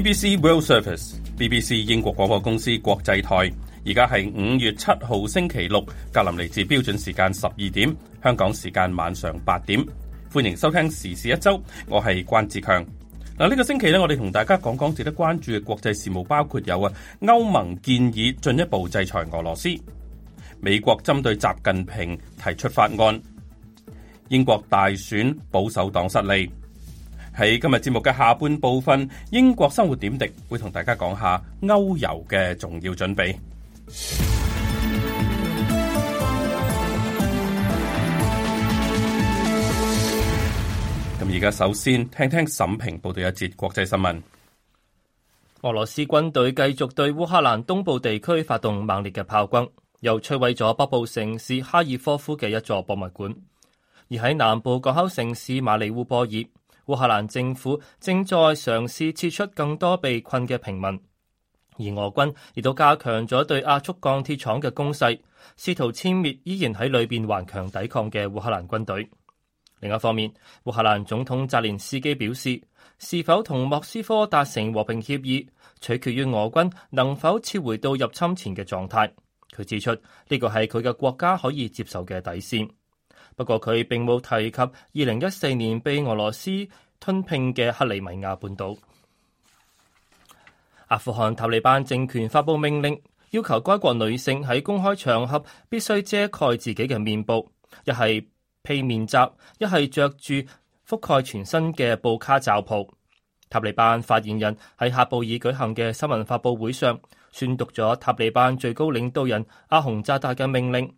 BBC World Service，BBC 英國廣播公司國際台，而家係五月七號星期六，格林尼治標準時間十二點，香港時間晚上八點，歡迎收聽時事一周，我係關志強。嗱，呢個星期咧，我哋同大家講講值得關注嘅國際事務，包括有啊，歐盟建議進一步制裁俄羅斯，美國針對習近平提出法案，英國大選保守黨失利。喺今日節目嘅下半部分，英國生活點滴會同大家講下歐遊嘅重要準備。咁而家首先聽,聽聽沈平報道一節國際新聞。俄羅斯軍隊繼續對烏克蘭東部地區發動猛烈嘅炮轟，又摧毀咗北部城市哈爾科夫嘅一座博物館，而喺南部港口城市馬里烏波爾。烏克蘭政府正在嘗試撤出更多被困嘅平民，而俄軍亦都加強咗對亞速鋼鐵廠嘅攻勢，試圖殲滅依然喺裏邊頑強抵抗嘅烏克蘭軍隊。另一方面，烏克蘭總統澤連斯基表示，是否同莫斯科達成和平協議，取決於俄軍能否撤回到入侵前嘅狀態。佢指出呢個係佢嘅國家可以接受嘅底線。不過佢並冇提及二零一四年被俄羅斯吞併嘅克里米亞半島。阿富汗塔利班政權發布命令，要求該國女性喺公開場合必須遮蓋自己嘅面部，一係披面罩，一係着住覆蓋全身嘅布卡罩袍。塔利班發言人喺喀布爾舉行嘅新聞發佈會上宣讀咗塔利班最高領導人阿洪扎達嘅命令。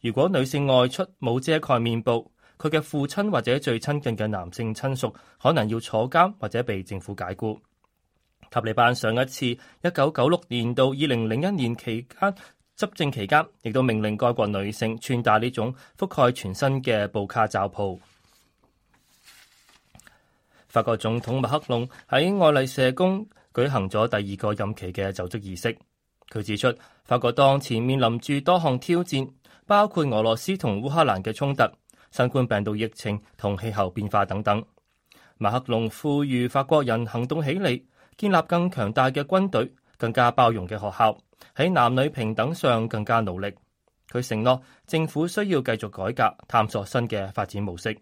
如果女性外出冇遮蓋面部，佢嘅父親或者最親近嘅男性親屬可能要坐監或者被政府解雇。塔利班上一次一九九六年到二零零一年期間執政期間，亦都命令該國女性穿戴呢種覆蓋全身嘅布卡罩袍。法國總統麥克龍喺愛麗舍宮舉行咗第二個任期嘅就職儀式。佢指出，法國當前面臨住多項挑戰。包括俄羅斯同烏克蘭嘅衝突、新冠病毒疫情同氣候變化等等。馬克龍呼籲法國人行動起嚟，建立更強大嘅軍隊、更加包容嘅學校，喺男女平等上更加努力。佢承諾政府需要繼續改革，探索新嘅發展模式。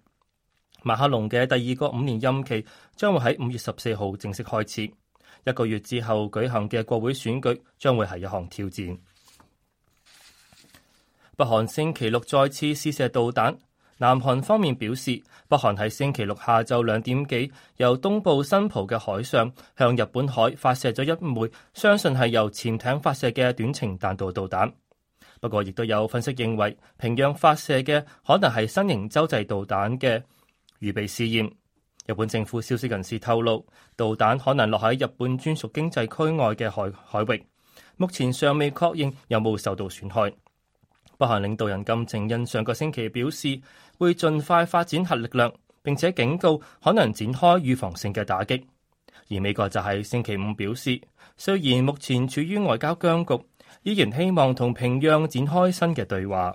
馬克龍嘅第二個五年任期將會喺五月十四號正式開始，一個月之後舉行嘅國會選舉將會係一項挑戰。北韓星期六再次試射導彈，南韓方面表示，北韓喺星期六下晝兩點幾，由東部新浦嘅海上向日本海發射咗一枚，相信係由潛艇發射嘅短程彈道導彈。不過，亦都有分析認為，平壤發射嘅可能係新型洲際導彈嘅預備試驗。日本政府消息人士透露，導彈可能落喺日本專屬經濟區外嘅海海域，目前尚未確認有冇受到損害。北韓領導人金正恩上個星期表示，會盡快發展核力量，並且警告可能展開預防性嘅打擊。而美國就喺星期五表示，雖然目前處於外交僵局，依然希望同平壤展開新嘅對話。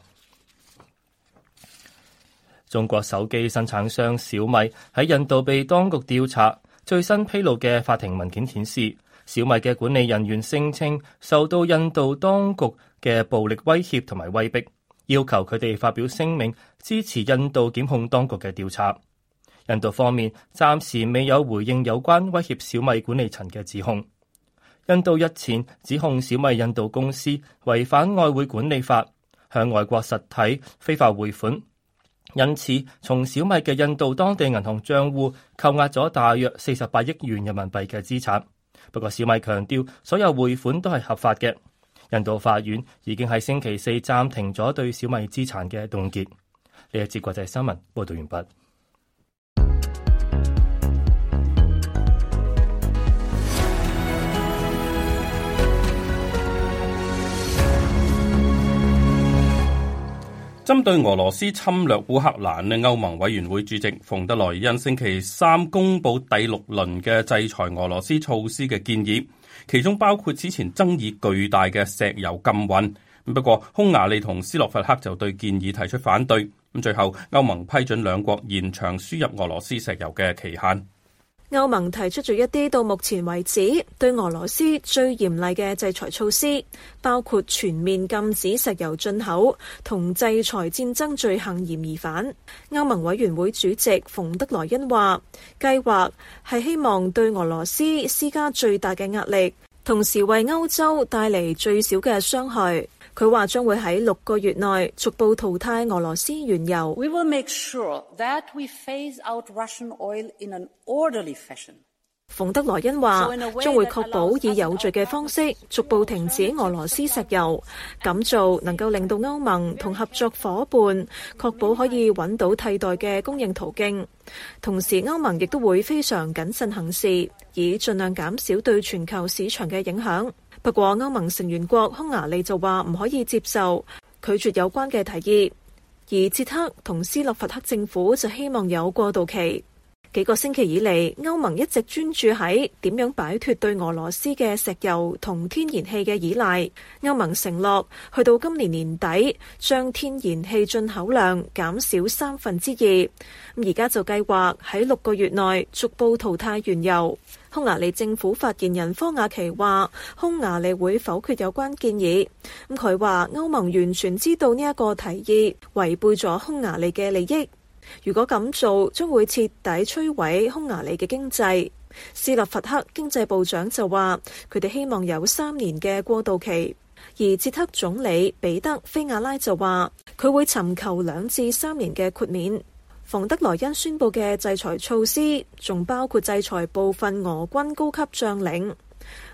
中國手機生產商小米喺印度被當局調查，最新披露嘅法庭文件顯示，小米嘅管理人員聲稱受到印度當局嘅暴力威脅同埋威逼，要求佢哋發表聲明支持印度檢控當局嘅調查。印度方面暫時未有回應有關威脅小米管理層嘅指控。印度日前指控小米印度公司違反外匯管理法，向外國實體非法匯款，因此從小米嘅印度當地銀行賬戶扣押咗大約四十八億元人民幣嘅資產。不過小米強調，所有匯款都係合法嘅。印度法院已經喺星期四暫停咗對小米資產嘅凍結。呢一節就係新聞報道完畢。針對俄羅斯侵略烏克蘭嘅歐盟委員會主席馮德萊恩星期三公布第六輪嘅制裁俄羅斯措施嘅建議。其中包括此前爭議巨大嘅石油禁運，不過匈牙利同斯洛伐克就對建議提出反對，最後歐盟批准兩國延長輸入俄羅斯石油嘅期限。歐盟提出咗一啲到目前為止對俄羅斯最嚴厲嘅制裁措施，包括全面禁止石油進口同制裁戰爭罪行嫌疑犯。歐盟委員會主席馮德萊恩話，計劃係希望對俄羅斯施加最大嘅壓力，同時為歐洲帶嚟最少嘅傷害。佢話將會喺六個月內逐步淘汰俄羅斯原油。馮德萊恩話將會確保以有序嘅方式逐步停止俄羅斯石油。咁做能夠令到歐盟同合作夥伴確保可以揾到替代嘅供應途徑。同時，歐盟亦都會非常謹慎行事，以盡量減少對全球市場嘅影響。不過歐盟成員國匈牙利就話唔可以接受，拒絕有關嘅提議。而捷克同斯洛伐克政府就希望有過渡期。幾個星期以嚟，歐盟一直專注喺點樣擺脫對俄羅斯嘅石油同天然氣嘅依賴。歐盟承諾去到今年年底，將天然氣進口量減少三分之二。而家就計劃喺六個月內逐步淘汰原油。匈牙利政府發言人科瓦奇話，匈牙利會否決有關建議，咁佢話歐盟完全知道呢一個提議違背咗匈牙利嘅利益。如果咁做，將會徹底摧毀匈牙利嘅經濟。斯洛伐克經濟部長就話，佢哋希望有三年嘅過渡期。而捷克總理彼得菲亞拉就話，佢會尋求兩至三年嘅豁免。馮德萊恩宣布嘅制裁措施，仲包括制裁部分俄軍高級將領、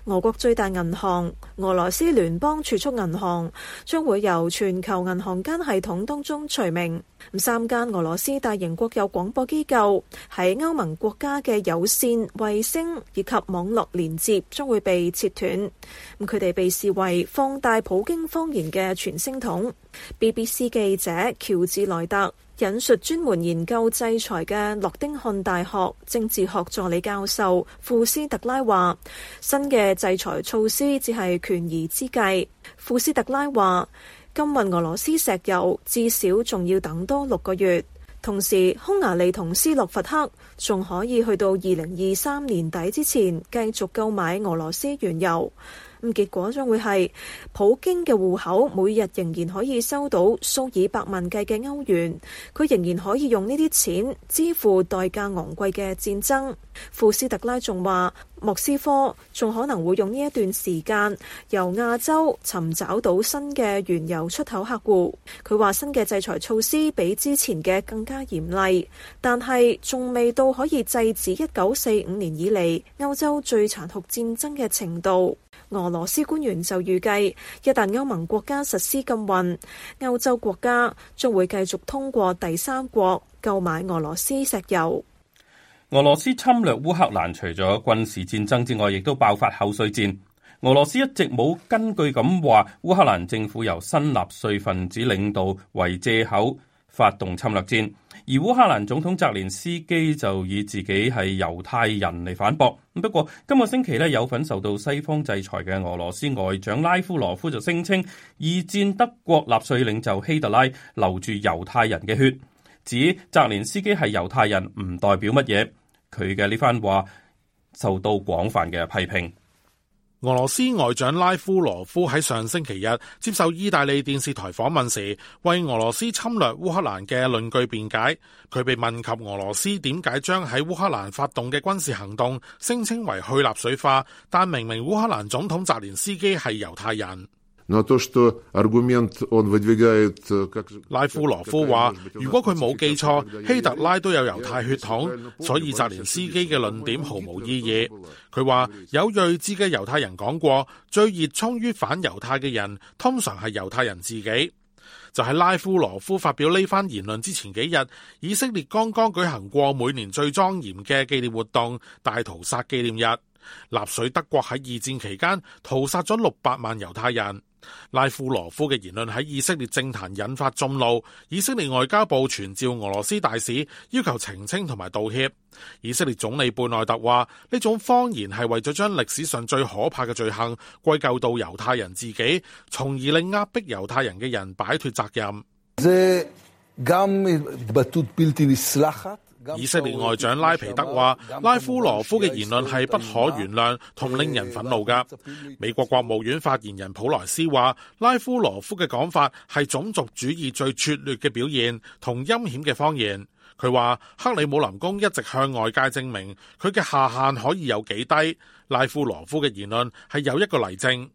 俄國最大銀行俄羅斯聯邦儲蓄銀行將會由全球銀行間系統當中除名。咁三間俄羅斯大型國有廣播機構喺歐盟國家嘅有線、衛星以及網絡連接將會被切斷。佢哋被視為放大普京謊言嘅傳聲筒。BBC 記者喬治萊特。引述專門研究制裁嘅諾丁漢大學政治學助理教授庫斯特拉話：新嘅制裁措施只係權宜之計。庫斯特拉話：禁運俄羅斯石油至少仲要等多六個月，同時匈牙利同斯洛伐克仲可以去到二零二三年底之前繼續購買俄羅斯原油。咁結果將會係普京嘅戶口每日仍然可以收到數以百萬計嘅歐元，佢仍然可以用呢啲錢支付代價昂貴嘅戰爭。庫斯特拉仲話，莫斯科仲可能會用呢一段時間由亞洲尋找到新嘅原油出口客戶。佢話新嘅制裁措施比之前嘅更加嚴厲，但係仲未到可以制止一九四五年以嚟歐洲最殘酷戰爭嘅程度。俄羅斯官員就預計，一旦歐盟國家實施禁運，歐洲國家將會繼續通過第三國購買俄羅斯石油。俄羅斯侵略烏克蘭，除咗軍事戰爭之外，亦都爆發口水戰。俄羅斯一直冇根據咁話，烏克蘭政府由新納粹分子領導為藉口發動侵略戰。而烏克蘭總統澤連斯基就以自己係猶太人嚟反駁。不過，今個星期呢有份受到西方制裁嘅俄羅斯外長拉夫羅夫就聲稱，二戰德國納粹領袖希特拉流住猶太人嘅血，指澤連斯基係猶太人唔代表乜嘢。佢嘅呢番話受到廣泛嘅批評。俄羅斯外長拉夫羅夫喺上星期日接受意大利電視台訪問時，為俄羅斯侵略烏克蘭嘅論據辯解。佢被問及俄羅斯點解將喺烏克蘭發動嘅軍事行動聲稱為去納粹化，但明明烏克蘭總統澤連斯基係猶太人。拉夫羅夫話，如果佢冇記錯，希特拉都有猶太血統，所以澤連斯基嘅論點毫無意義。佢話有睿智嘅猶太人講過，最熱衷於反猶太嘅人，通常係猶太人自己。就喺拉夫羅夫發表呢番言論之前幾日，以色列剛剛舉行過每年最莊嚴嘅紀念活動——大屠殺紀念日。納粹德國喺二戰期間屠殺咗六百萬猶太人。拉夫羅夫嘅言論喺以色列政壇引發眾怒，以色列外交部傳召俄羅斯大使要求澄清同埋道歉。以色列總理貝內特話：呢種謊言係為咗將歷史上最可怕嘅罪行歸咎到猶太人自己，從而令壓迫猶太人嘅人擺脫責任。以色列外長拉皮德話：拉夫羅夫嘅言論係不可原諒同令人憤怒噶。美國國務院發言人普萊斯話：拉夫羅夫嘅講法係種族主義最拙劣嘅表現同陰險嘅謊言。佢話克里姆林宮一直向外界證明佢嘅下限可以有幾低，拉夫羅夫嘅言論係有一個例證。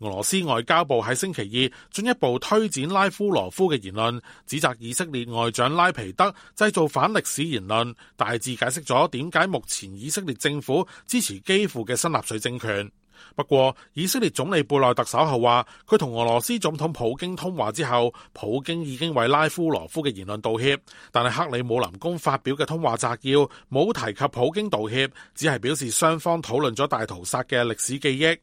俄羅斯外交部喺星期二進一步推展拉夫羅夫嘅言論，指責以色列外長拉皮德製造反歷史言論，大致解釋咗點解目前以色列政府支持基輔嘅新納粹政權。不過，以色列總理貝內特稍後話，佢同俄羅斯總統普京通話之後，普京已經為拉夫羅夫嘅言論道歉。但係克里姆林宮發表嘅通話摘要冇提及普京道歉，只係表示雙方討論咗大屠殺嘅歷史記憶。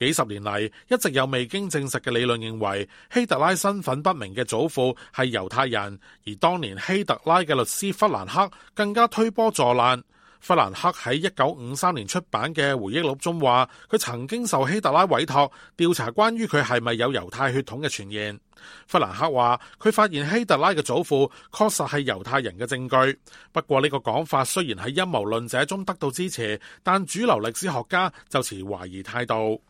幾十年嚟，一直有未經證實嘅理論認為希特拉身份不明嘅祖父係猶太人，而當年希特拉嘅律師弗蘭克更加推波助瀾。弗蘭克喺一九五三年出版嘅回憶錄中話，佢曾經受希特拉委託調查關於佢係咪有猶太血統嘅傳言。弗蘭克話，佢發現希特拉嘅祖父確實係猶太人嘅證據。不過呢個講法雖然喺陰謀論者中得到支持，但主流歷史學家就持懷疑態度。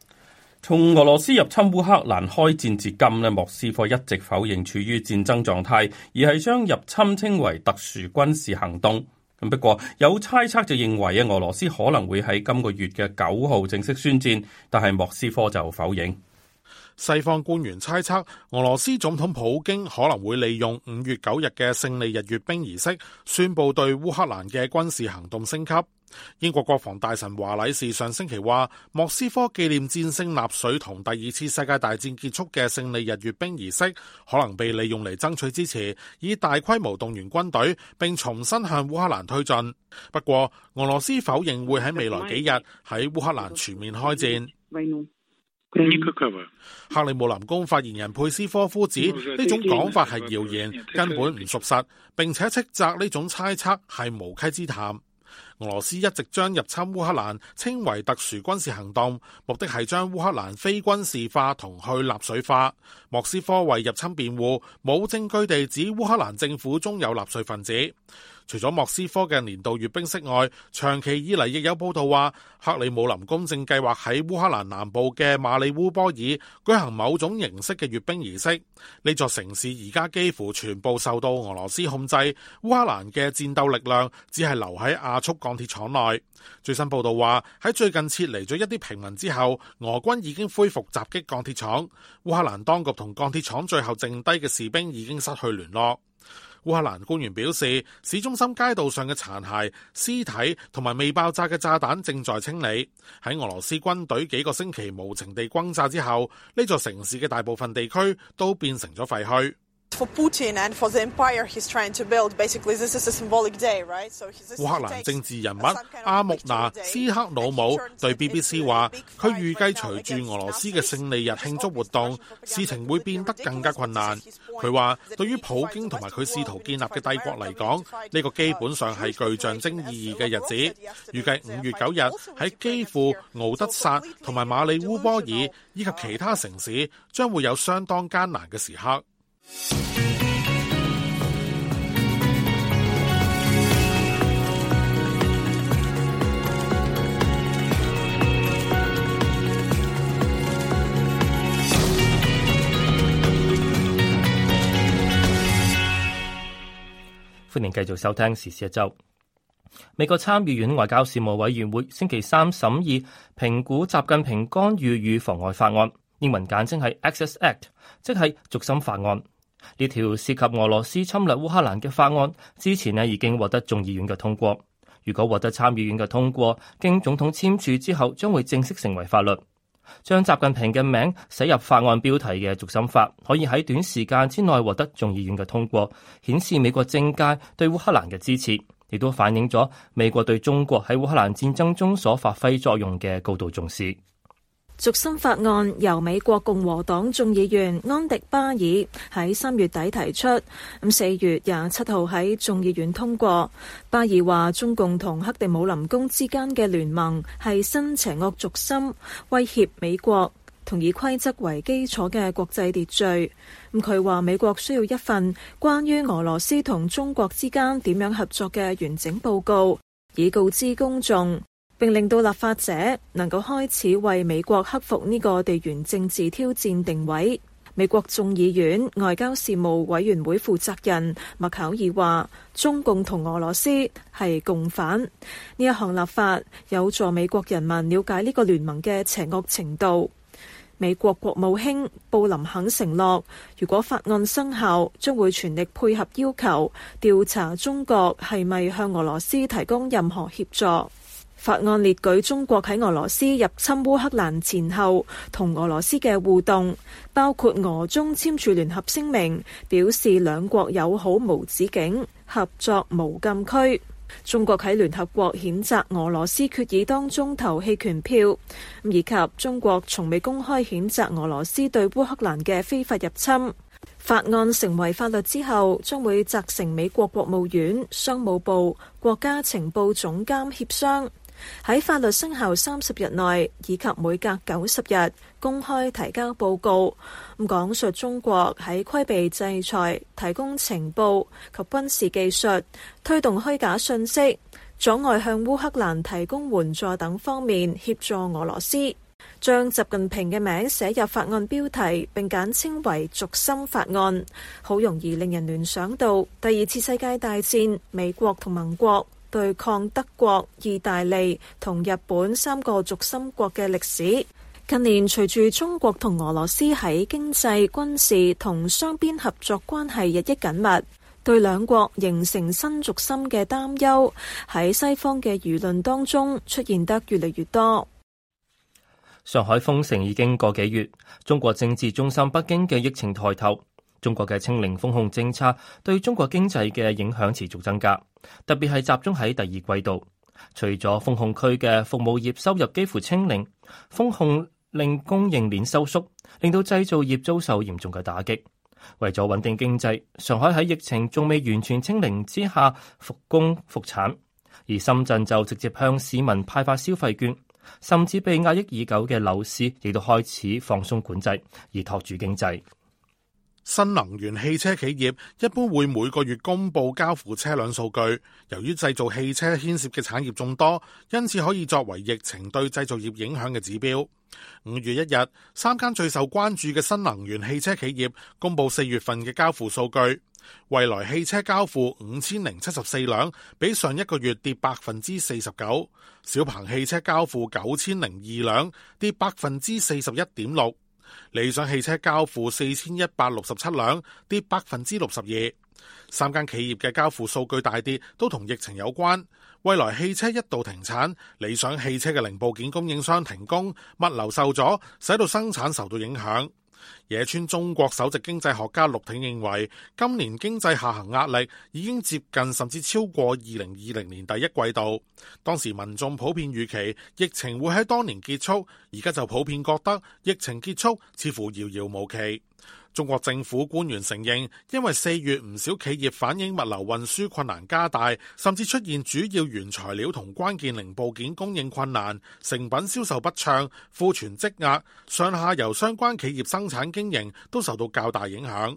從俄羅斯入侵烏克蘭開戰至今咧，莫斯科一直否認處於戰爭狀態，而係將入侵稱為特殊軍事行動。不過有猜測就認為俄羅斯可能會喺今個月嘅九號正式宣戰，但係莫斯科就否認。西方官員猜測，俄羅斯總統普京可能會利用五月九日嘅勝利日閱兵儀式，宣布對烏克蘭嘅軍事行動升級。英國國防大臣華禮士上星期話，莫斯科紀念戰勝納粹同第二次世界大戰結束嘅勝利日閱兵儀式，可能被利用嚟爭取支持，以大規模動員軍隊，並重新向烏克蘭推進。不過，俄羅斯否認會喺未來幾日喺烏克蘭全面開戰。克里姆林宮發言人佩斯科夫指呢種講法係謠言，根本唔屬實，並且斥責呢種猜測係無稽之談。俄羅斯一直將入侵烏克蘭稱為特殊軍事行動，目的係將烏克蘭非軍事化同去納粹化。莫斯科為入侵辯護，冇證據地指烏克蘭政府中有納粹分子。除咗莫斯科嘅年度閱兵式外，長期以嚟亦有報道話，克里姆林宮正計劃喺烏克蘭南部嘅馬里烏波爾舉行某種形式嘅閱兵儀式。呢座城市而家幾乎全部受到俄羅斯控制，烏克蘭嘅戰鬥力量只係留喺亞速鋼鐵廠內。最新報道話，喺最近撤離咗一啲平民之後，俄軍已經恢復襲擊鋼鐵廠。烏克蘭當局同鋼鐵廠最後剩低嘅士兵已經失去聯絡。烏克蘭官員表示，市中心街道上嘅殘骸、屍體同埋未爆炸嘅炸彈正在清理。喺俄羅斯軍隊幾個星期無情地轟炸之後，呢座城市嘅大部分地區都變成咗廢墟。烏克蘭政治人物阿木拿斯克努姆對 BBC 話，佢預計隨住俄羅斯嘅勝利日慶祝活動，事情會變得更加困難。佢話，對於普京同埋佢試圖建立嘅帝國嚟講，呢個基本上係具象徵意義嘅日子。預計五月九日喺基輔、敖德薩同埋馬里烏波爾以及其他城市，將會有相當艱難嘅時刻。歡迎繼續收聽時事一周。美國參議院外交事務委員會星期三審議評估習近平干預與妨礙法案，英文簡稱係 Access Act，即係逐審法案。呢條涉及俄羅斯侵略烏克蘭嘅法案，之前呢已經獲得眾議院嘅通過。如果獲得參議院嘅通過，經總統簽署之後，將會正式成為法律。將習近平嘅名寫入法案標題嘅《逐心法》，可以喺短時間之內獲得眾議院嘅通過，顯示美國政界對烏克蘭嘅支持，亦都反映咗美國對中國喺烏克蘭戰爭中所發揮作用嘅高度重視。軸心法案由美國共和黨眾議員安迪巴爾喺三月底提出，咁四月廿七號喺眾議院通過。巴爾話中共同克里姆林宮之間嘅聯盟係新邪惡軸心，威脅美國同以規則為基礎嘅國際秩序。咁佢話美國需要一份關於俄羅斯同中國之間點樣合作嘅完整報告，以告知公眾。並令到立法者能夠開始為美國克服呢個地緣政治挑戰定位。美國眾議院外交事務委員會負責人麥考爾話：中共同俄羅斯係共犯。呢一項立法有助美國人民了解呢個聯盟嘅邪惡程度。美國國務卿布林肯承諾，如果法案生效，將會全力配合要求調查中國係咪向俄羅斯提供任何協助。法案列舉中國喺俄羅斯入侵烏克蘭前後同俄羅斯嘅互動，包括俄中簽署聯合聲明，表示兩國友好無止境，合作無禁區。中國喺聯合國譴責俄羅斯決議當中投棄權票，以及中國從未公開譴責俄羅斯對烏克蘭嘅非法入侵。法案成為法律之後，將會責成美國國務院、商務部、國家情報總監協商。喺法律生效三十日內，以及每隔九十日公開提交報告，講述中國喺規避制裁、提供情報及軍事技術、推動虛假信息、阻礙向烏克蘭提供援助等方面協助俄羅斯，將習近平嘅名寫入法案標題，並簡稱為《軸心法案》，好容易令人聯想到第二次世界大戰美國同盟國。對抗德國、意大利同日本三個軸心國嘅歷史。近年隨住中國同俄羅斯喺經濟、軍事同雙邊合作關係日益緊密，對兩國形成新軸心嘅擔憂喺西方嘅輿論當中出現得越嚟越多。上海封城已經個幾月，中國政治中心北京嘅疫情抬頭。中國嘅清零封控政策對中國經濟嘅影響持續增加，特別係集中喺第二季度。除咗封控區嘅服務業收入幾乎清零，封控令供應鏈收縮，令到製造業遭受嚴重嘅打擊。為咗穩定經濟，上海喺疫情仲未完全清零之下復工復產，而深圳就直接向市民派發消費券，甚至被壓抑已久嘅樓市亦都開始放鬆管制，而托住經濟。新能源汽車企業一般會每個月公布交付車輛數據，由於制造汽車牽涉嘅產業眾多，因此可以作為疫情對制造業影響嘅指標。五月一日，三間最受關注嘅新能源汽車企業公布四月份嘅交付數據，蔚來汽車交付五千零七十四輛，比上一個月跌百分之四十九；小鵬汽車交付九千零二輛，跌百分之四十一點六。理想汽車交付四千一百六十七輛，跌百分之六十二。三間企業嘅交付數據大跌，都同疫情有關。蔚來汽車一度停產，理想汽車嘅零部件供應商停工，物流受阻，使到生產受到影響。野村中國首席經濟學家陸挺認為，今年經濟下行壓力已經接近甚至超過二零二零年第一季度。當時民眾普遍預期疫情會喺當年結束，而家就普遍覺得疫情結束似乎遙遙無期。中國政府官員承認，因為四月唔少企業反映物流運輸困難加大，甚至出現主要原材料同關鍵零部件供應困難，成品銷售不暢，庫存積壓，上下游相關企業生產經營都受到較大影響。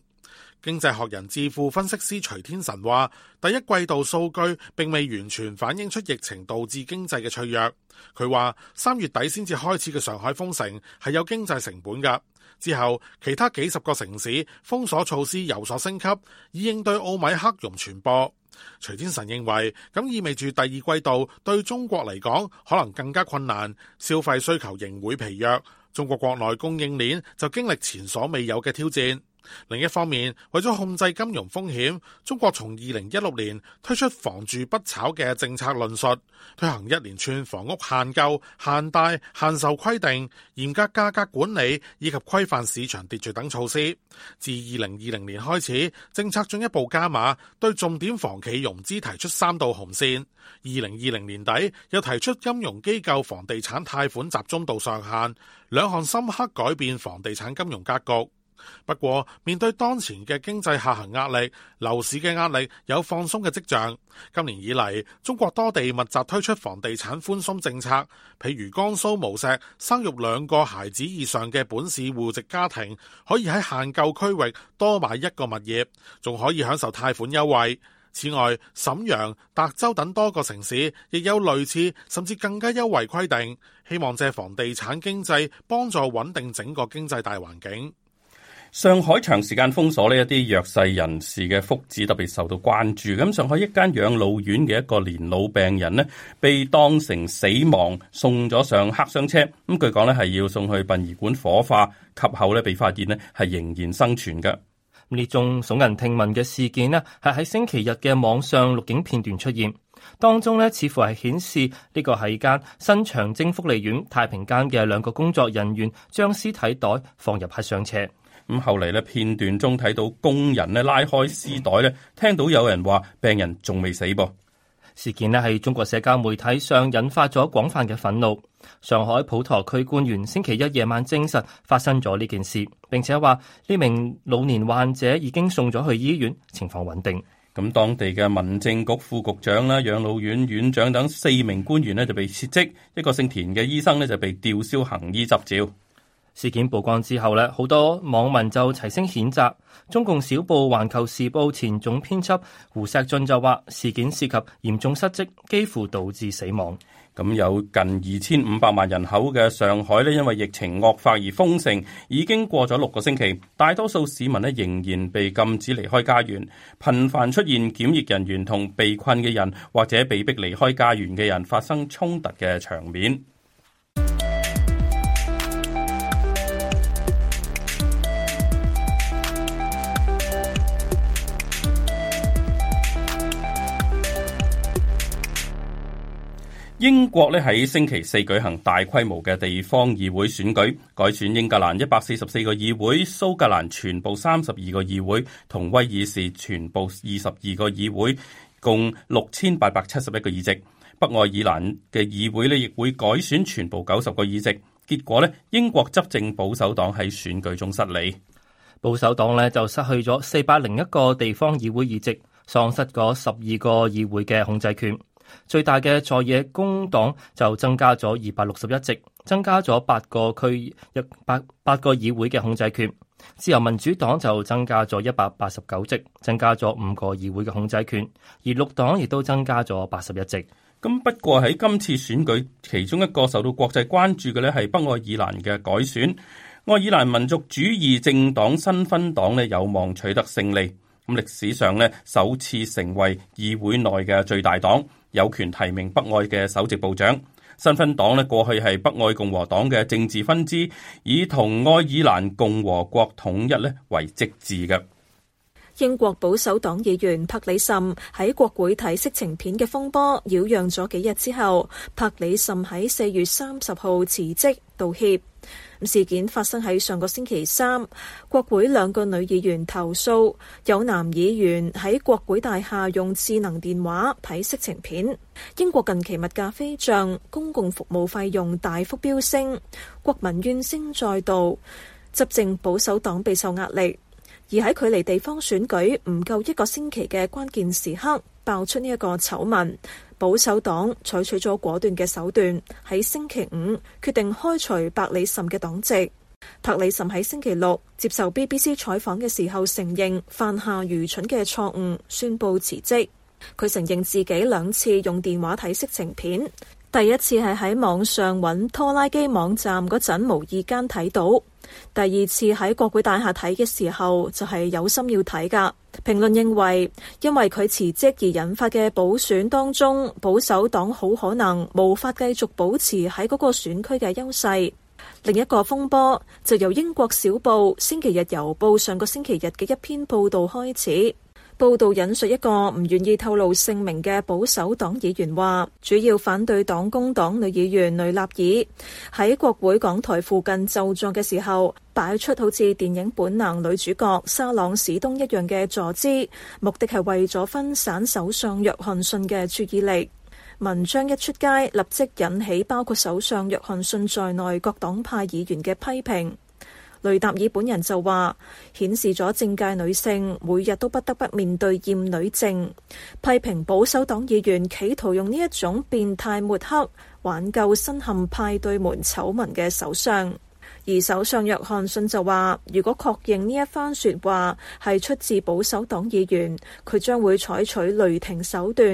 經濟學人智庫分析師徐天辰話，第一季度數據並未完全反映出疫情導致經濟嘅脆弱。佢話三月底先至開始嘅上海封城係有經濟成本噶，之後其他幾十個城市封鎖措施有所升級，以應對奧米克戎傳播。徐天辰認為咁意味住第二季度對中國嚟講可能更加困難，消費需求仍會疲弱，中國國內供應鏈就經歷前所未有嘅挑戰。另一方面，為咗控制金融風險，中國從二零一六年推出“房住不炒”嘅政策論述，推行一連串房屋限購、限貸、限售規定，嚴格價格管理以及規範市場秩序等措施。自二零二零年開始，政策進一步加碼，對重點房企融資提出三道紅線。二零二零年底，又提出金融機構房地產貸款集中度上限，兩項深刻改變房地產金融格局。不過，面對當前嘅經濟下行壓力，樓市嘅壓力有放鬆嘅跡象。今年以嚟，中國多地密集推出房地產寬鬆政策，譬如江蘇無錫生育兩個孩子以上嘅本市戶籍家庭可以喺限購區域多買一個物業，仲可以享受貸款優惠。此外，瀋陽、達州等多個城市亦有類似甚至更加優惠規定，希望借房地產經濟幫助穩定整個經濟大環境。上海長時間封鎖，呢一啲弱勢人士嘅福祉特別受到關注。咁，上海一間養老院嘅一個年老病人呢，被當成死亡送咗上黑箱車。咁據講呢，係要送去殯儀館火化。及後呢，被發現呢係仍然生存嘅。呢宗聳人聽聞嘅事件呢，係喺星期日嘅網上錄影片段出現。當中呢，似乎係顯示呢、呢個係間新長征福利院太平間嘅兩個工作人員將屍體袋放入黑箱車。咁後嚟咧，片段中睇到工人呢拉開屍袋呢，聽到有人話病人仲未死噃。事件呢喺中國社交媒體上引發咗廣泛嘅憤怒。上海普陀區官員星期一夜晚證實發生咗呢件事，並且話呢名老年患者已經送咗去醫院，情況穩定。咁當地嘅民政局副局長啦、養老院院長等四名官員呢就被撤職，一個姓田嘅醫生呢就被吊銷行醫執照。事件曝光之後咧，好多網民就齊聲譴責中共小報《環球時報》前總編輯胡錫進就話，事件涉及嚴重失職，幾乎導致死亡。咁有近二千五百萬人口嘅上海咧，因為疫情惡化而封城，已經過咗六個星期，大多數市民咧仍然被禁止離開家園，頻繁出現檢疫人員同被困嘅人或者被迫離開家園嘅人發生衝突嘅場面。英國咧喺星期四舉行大規模嘅地方議會選舉，改選英格蘭一百四十四個議會、蘇格蘭全部三十二個議會、同威爾士全部二十二個議會，共六千八百七十一個議席。北愛爾蘭嘅議會咧，亦會改選全部九十個議席。結果咧，英國執政保守黨喺選舉中失利，保守黨咧就失去咗四百零一個地方議會議席，喪失咗十二個議會嘅控制權。最大嘅在野工黨就增加咗二百六十一席，增加咗八個區八八個議會嘅控制權。自由民主黨就增加咗一百八十九席，增加咗五個議會嘅控制權。而綠黨亦都增加咗八十一席。咁不過喺今次選舉，其中一個受到國際關注嘅呢係北愛爾蘭嘅改選，愛爾蘭民族主義政黨新芬黨呢有望取得勝利。咁，歷史上呢首次成為議會內嘅最大黨，有權提名北愛嘅首席部長。新芬黨呢過去係北愛共和黨嘅政治分支，以同愛爾蘭共和國統一呢為宗旨嘅。英國保守黨議員帕里什喺國會睇色情片嘅風波擾攘咗幾日之後，帕里什喺四月三十號辭職道歉。事件發生喺上個星期三，國會兩個女議員投訴有男議員喺國會大廈用智能電話睇色情片。英國近期物價飛漲，公共服務費用大幅飆升，國民怨聲載道，執政保守黨備受壓力，而喺距離地方選舉唔夠一個星期嘅關鍵時刻，爆出呢一個醜聞。保守黨採取咗果斷嘅手段，喺星期五決定開除白里岑嘅黨籍。白里岑喺星期六接受 BBC 採訪嘅時候承認犯下愚蠢嘅錯誤，宣布辭職。佢承認自己兩次用電話睇色情片。第一次係喺網上搵拖拉機網站嗰陣，無意間睇到；第二次喺國會大廈睇嘅時候，就係有心要睇噶。評論認為，因為佢辭職而引發嘅補選當中，保守黨好可能無法繼續保持喺嗰個選區嘅優勢。另一個風波就由英國小報《星期日郵報》上個星期日嘅一篇報道開始。報道引述一個唔願意透露姓名嘅保守黨議員話：主要反對黨工黨女議員雷納爾喺國會講台附近就座嘅時候，擺出好似電影本能女主角沙朗史東一樣嘅坐姿，目的係為咗分散首相約翰遜嘅注意力。文章一出街，立即引起包括首相約翰遜在內各黨派議員嘅批評。雷達爾本人就話，顯示咗政界女性每日都不得不面對厭女症，批評保守黨議員企圖用呢一種變態抹黑挽救身陷派對門醜聞嘅首相。而首相約翰遜就話，如果確認呢一番說話係出自保守黨議員，佢將會採取雷霆手段，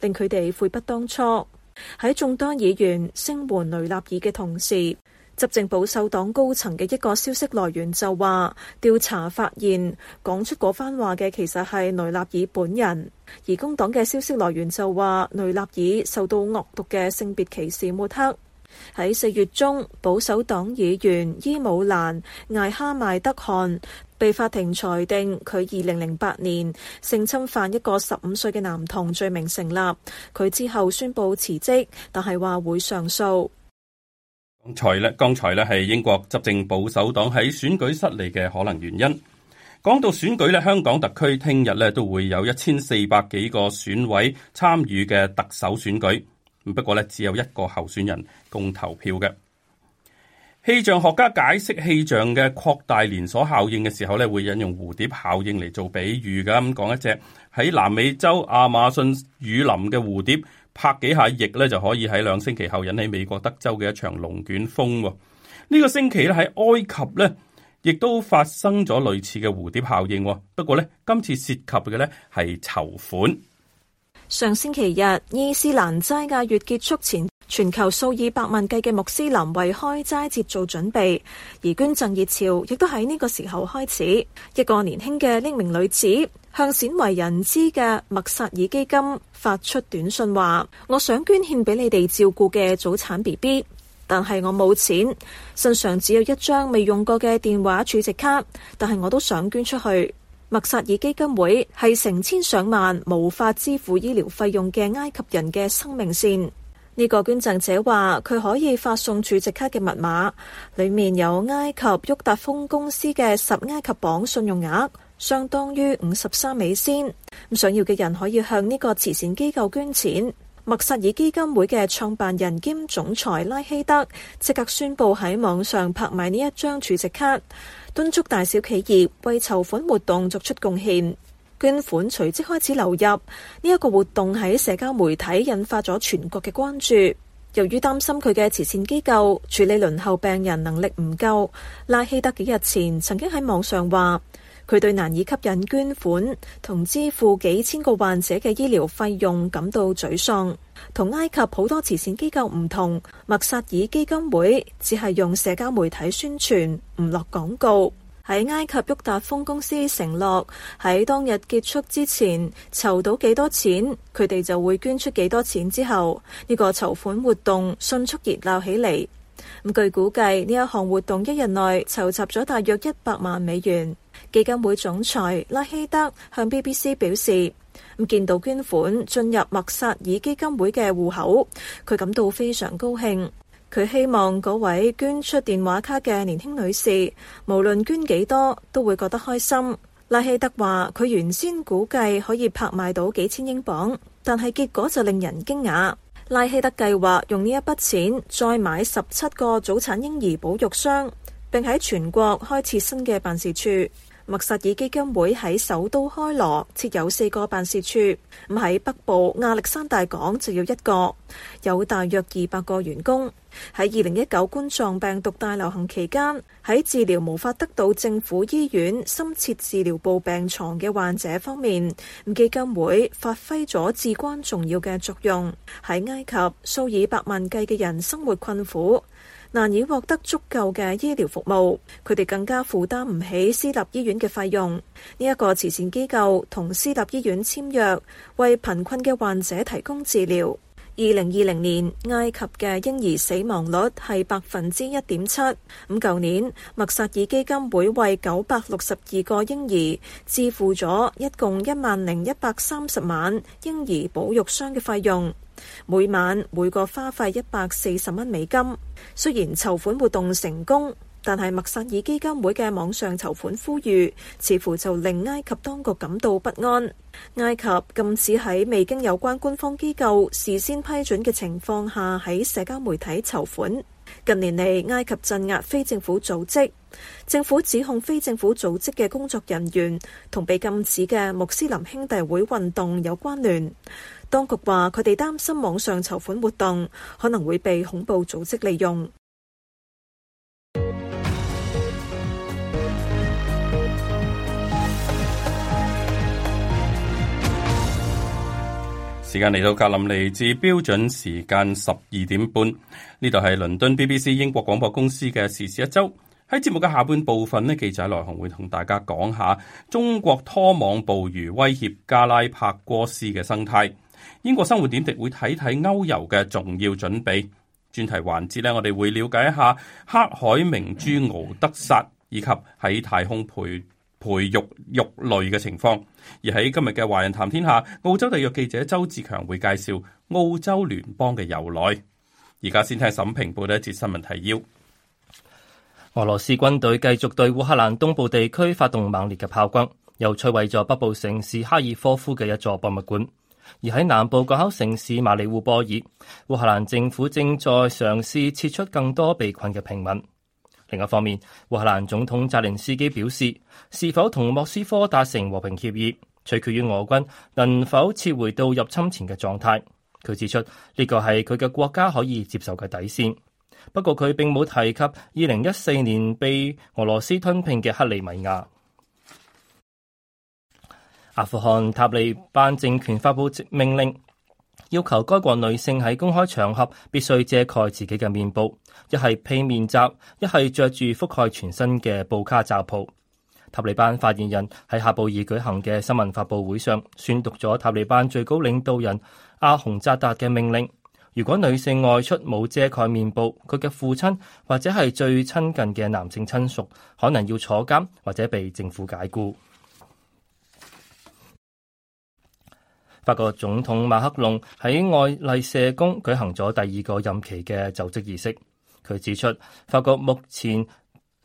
令佢哋悔不當初。喺眾多議員聲援雷納爾嘅同時，執政保守黨高層嘅一個消息來源就話，調查發現講出嗰番話嘅其實係雷納爾本人；而工黨嘅消息來源就話，雷納爾受到惡毒嘅性別歧視抹黑。喺四月中，保守黨議員伊姆蘭·艾哈邁德汗被法庭裁定佢二零零八年性侵犯一個十五歲嘅男童罪名成立，佢之後宣布辭職，但係話會上訴。剛才呢，剛才咧，係英國執政保守黨喺選舉失利嘅可能原因。講到選舉咧，香港特區聽日咧，都會有一千四百幾個選委參與嘅特首選舉，不過呢，只有一個候選人共投票嘅。氣象學家解釋氣象嘅擴大連鎖效應嘅時候咧，會引用蝴蝶效應嚟做比喻噶。咁講一隻喺南美洲亞馬遜雨林嘅蝴蝶。拍幾下翼咧，就可以喺兩星期後引起美國德州嘅一場龍捲風，哦。呢、這個星期咧喺埃及呢，亦都發生咗類似嘅蝴蝶效應，哦。不過呢，今次涉及嘅呢係籌款。上星期日，伊斯蘭齋戒月結束前，全球數以百萬計嘅穆斯林為開齋節做準備，而捐贈熱潮亦都喺呢個時候開始。一個年輕嘅匿名女子。向鮮為人知嘅麥薩爾基金發出短信話：我想捐獻俾你哋照顧嘅早產 B B，但係我冇錢，身上只有一張未用過嘅電話儲值卡，但係我都想捐出去。麥薩爾基金會係成千上萬無法支付醫療費用嘅埃及人嘅生命線。呢、這個捐贈者話佢可以發送儲值卡嘅密碼，裏面有埃及沃達豐公司嘅十埃及鎊信用額。相當於五十三美仙。想要嘅人可以向呢個慈善機構捐錢。默薩爾基金會嘅創辦人兼總裁拉希德即刻宣布喺網上拍賣呢一張儲值卡，敦促大小企業為籌款活動作出貢獻。捐款隨即開始流入，呢一個活動喺社交媒體引發咗全國嘅關注。由於擔心佢嘅慈善機構處理輪候病人能力唔夠，拉希德幾日前曾經喺網上話。佢對難以吸引捐款同支付幾千個患者嘅醫療費用感到沮喪，同埃及好多慈善機構唔同，默薩爾基金會只係用社交媒體宣傳，唔落廣告。喺埃及沃達豐公司承諾喺當日結束之前籌到幾多錢，佢哋就會捐出幾多錢之後，呢個籌款活動迅速熱鬧起嚟。咁據估計，呢一項活動一日內籌集咗大約一百萬美元。基金會總裁拉希德向 BBC 表示，咁見到捐款進入默薩爾基金會嘅戶口，佢感到非常高興。佢希望嗰位捐出電話卡嘅年輕女士，無論捐幾多都會覺得開心。拉希德話：佢原先估計可以拍賣到幾千英鎊，但係結果就令人驚訝。拉希德計劃用呢一筆錢再買十七個早產嬰兒保育箱，並喺全國開設新嘅辦事處。默薩爾基金會喺首都開羅設有四個辦事處，咁喺北部亞歷山大港就要一個，有大約二百個員工。喺二零一九冠狀病毒大流行期間，喺治療無法得到政府醫院深切治療部病床嘅患者方面，基金會發揮咗至關重要嘅作用。喺埃及，數以百萬計嘅人生活困苦。難以獲得足夠嘅醫療服務，佢哋更加負擔唔起私立醫院嘅費用。呢一個慈善機構同私立醫院簽約，為貧困嘅患者提供治療。二零二零年埃及嘅嬰兒死亡率係百分之一點七。咁舊年默薩爾基金會為九百六十二個嬰兒支付咗一共一萬零一百三十萬嬰兒保育箱嘅費用。每晚每個花費一百四十蚊美金。雖然籌款活動成功，但係麥薩爾基金會嘅網上籌款呼籲，似乎就令埃及當局感到不安。埃及禁止喺未經有關官方機構事先批准嘅情況下喺社交媒體籌款。近年嚟，埃及鎮壓非政府組織，政府指控非政府組織嘅工作人員同被禁止嘅穆斯林兄弟會運動有關聯。當局話，佢哋擔心網上籌款活動可能會被恐怖組織利用。時間嚟到格林尼治標準時間十二點半，呢度係倫敦 BBC 英國廣播公司嘅時事一周。喺節目嘅下半部分呢，記者來鴻會同大家講下中國拖網捕魚威脅加拉帕戈斯嘅生態。英國生活點滴會睇睇歐遊嘅重要準備，專題環節呢，我哋會了解一下黑海明珠敖德薩，以及喺太空培培育肉類嘅情況。而喺今日嘅《華人談天下》，澳洲特約記者周志強會介紹澳洲聯邦嘅由來。而家先聽沈平報呢一節新聞提要。俄羅斯軍隊繼續對烏克蘭東部地區發動猛烈嘅炮轟，又摧毀咗北部城市哈爾科夫嘅一座博物館。而喺南部港口城市馬里烏波爾，烏克蘭政府正在嘗試撤出更多被困嘅平民。另一方面，烏克蘭總統澤連斯基表示，是否同莫斯科達成和平協議，取決於俄軍能否撤回到入侵前嘅狀態。佢指出，呢個係佢嘅國家可以接受嘅底線。不過，佢並冇提及二零一四年被俄羅斯吞併嘅克里米亞。阿富汗塔利班政權發布命令，要求該國女性喺公開場合必須遮蓋自己嘅面部，一係披面罩，一係着住覆蓋全身嘅布卡罩袍。塔利班發言人喺夏布爾舉行嘅新聞發布會上宣讀咗塔利班最高領導人阿洪扎達嘅命令：如果女性外出冇遮蓋面部，佢嘅父親或者係最親近嘅男性親屬可能要坐監或者被政府解雇。法國總統馬克龍喺愛麗舍宮舉行咗第二個任期嘅就職儀式。佢指出，法國目前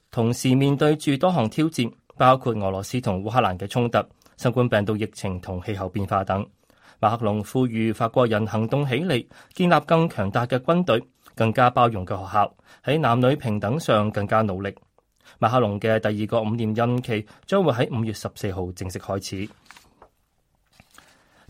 同時面對住多項挑戰，包括俄羅斯同烏克蘭嘅衝突、新冠病毒疫情同氣候變化等。馬克龍呼籲法國人行動起嚟，建立更強大嘅軍隊、更加包容嘅學校，喺男女平等上更加努力。馬克龍嘅第二個五年任期將會喺五月十四號正式開始。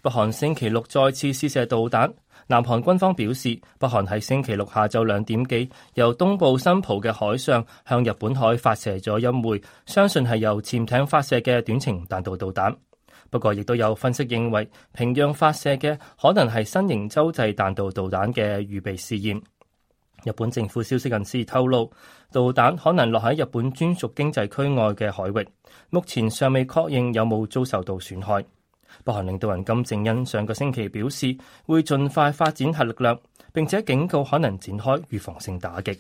北韓星期六再次試射導彈，南韓軍方表示，北韓喺星期六下晝兩點幾，由東部新浦嘅海上向日本海發射咗一枚，相信係由潛艇發射嘅短程彈道導彈。不過，亦都有分析認為，平壤發射嘅可能係新型洲際彈道導彈嘅預備試驗。日本政府消息人士透露，導彈可能落喺日本專屬經濟區外嘅海域，目前尚未確認有冇遭受到損害。北韓領導人金正恩上個星期表示，會盡快發展核力量，並且警告可能展開預防性打擊。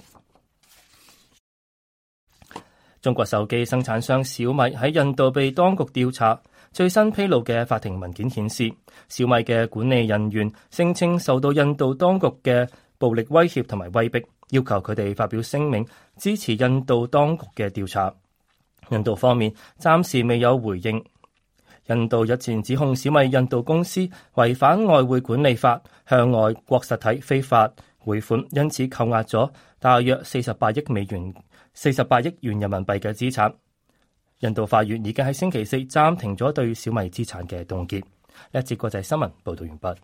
中國手機生產商小米喺印度被當局調查，最新披露嘅法庭文件顯示，小米嘅管理人員聲稱受到印度當局嘅暴力威脅同埋威逼，要求佢哋發表聲明支持印度當局嘅調查。印度方面暫時未有回應。印度日前指控小米印度公司違反外匯管理法，向外國實體非法匯款，因此扣押咗大約四十八億美元，四十八億元人民幣嘅資產。印度法院已經喺星期四暫停咗對小米資產嘅凍結。一節國際新聞報道完畢。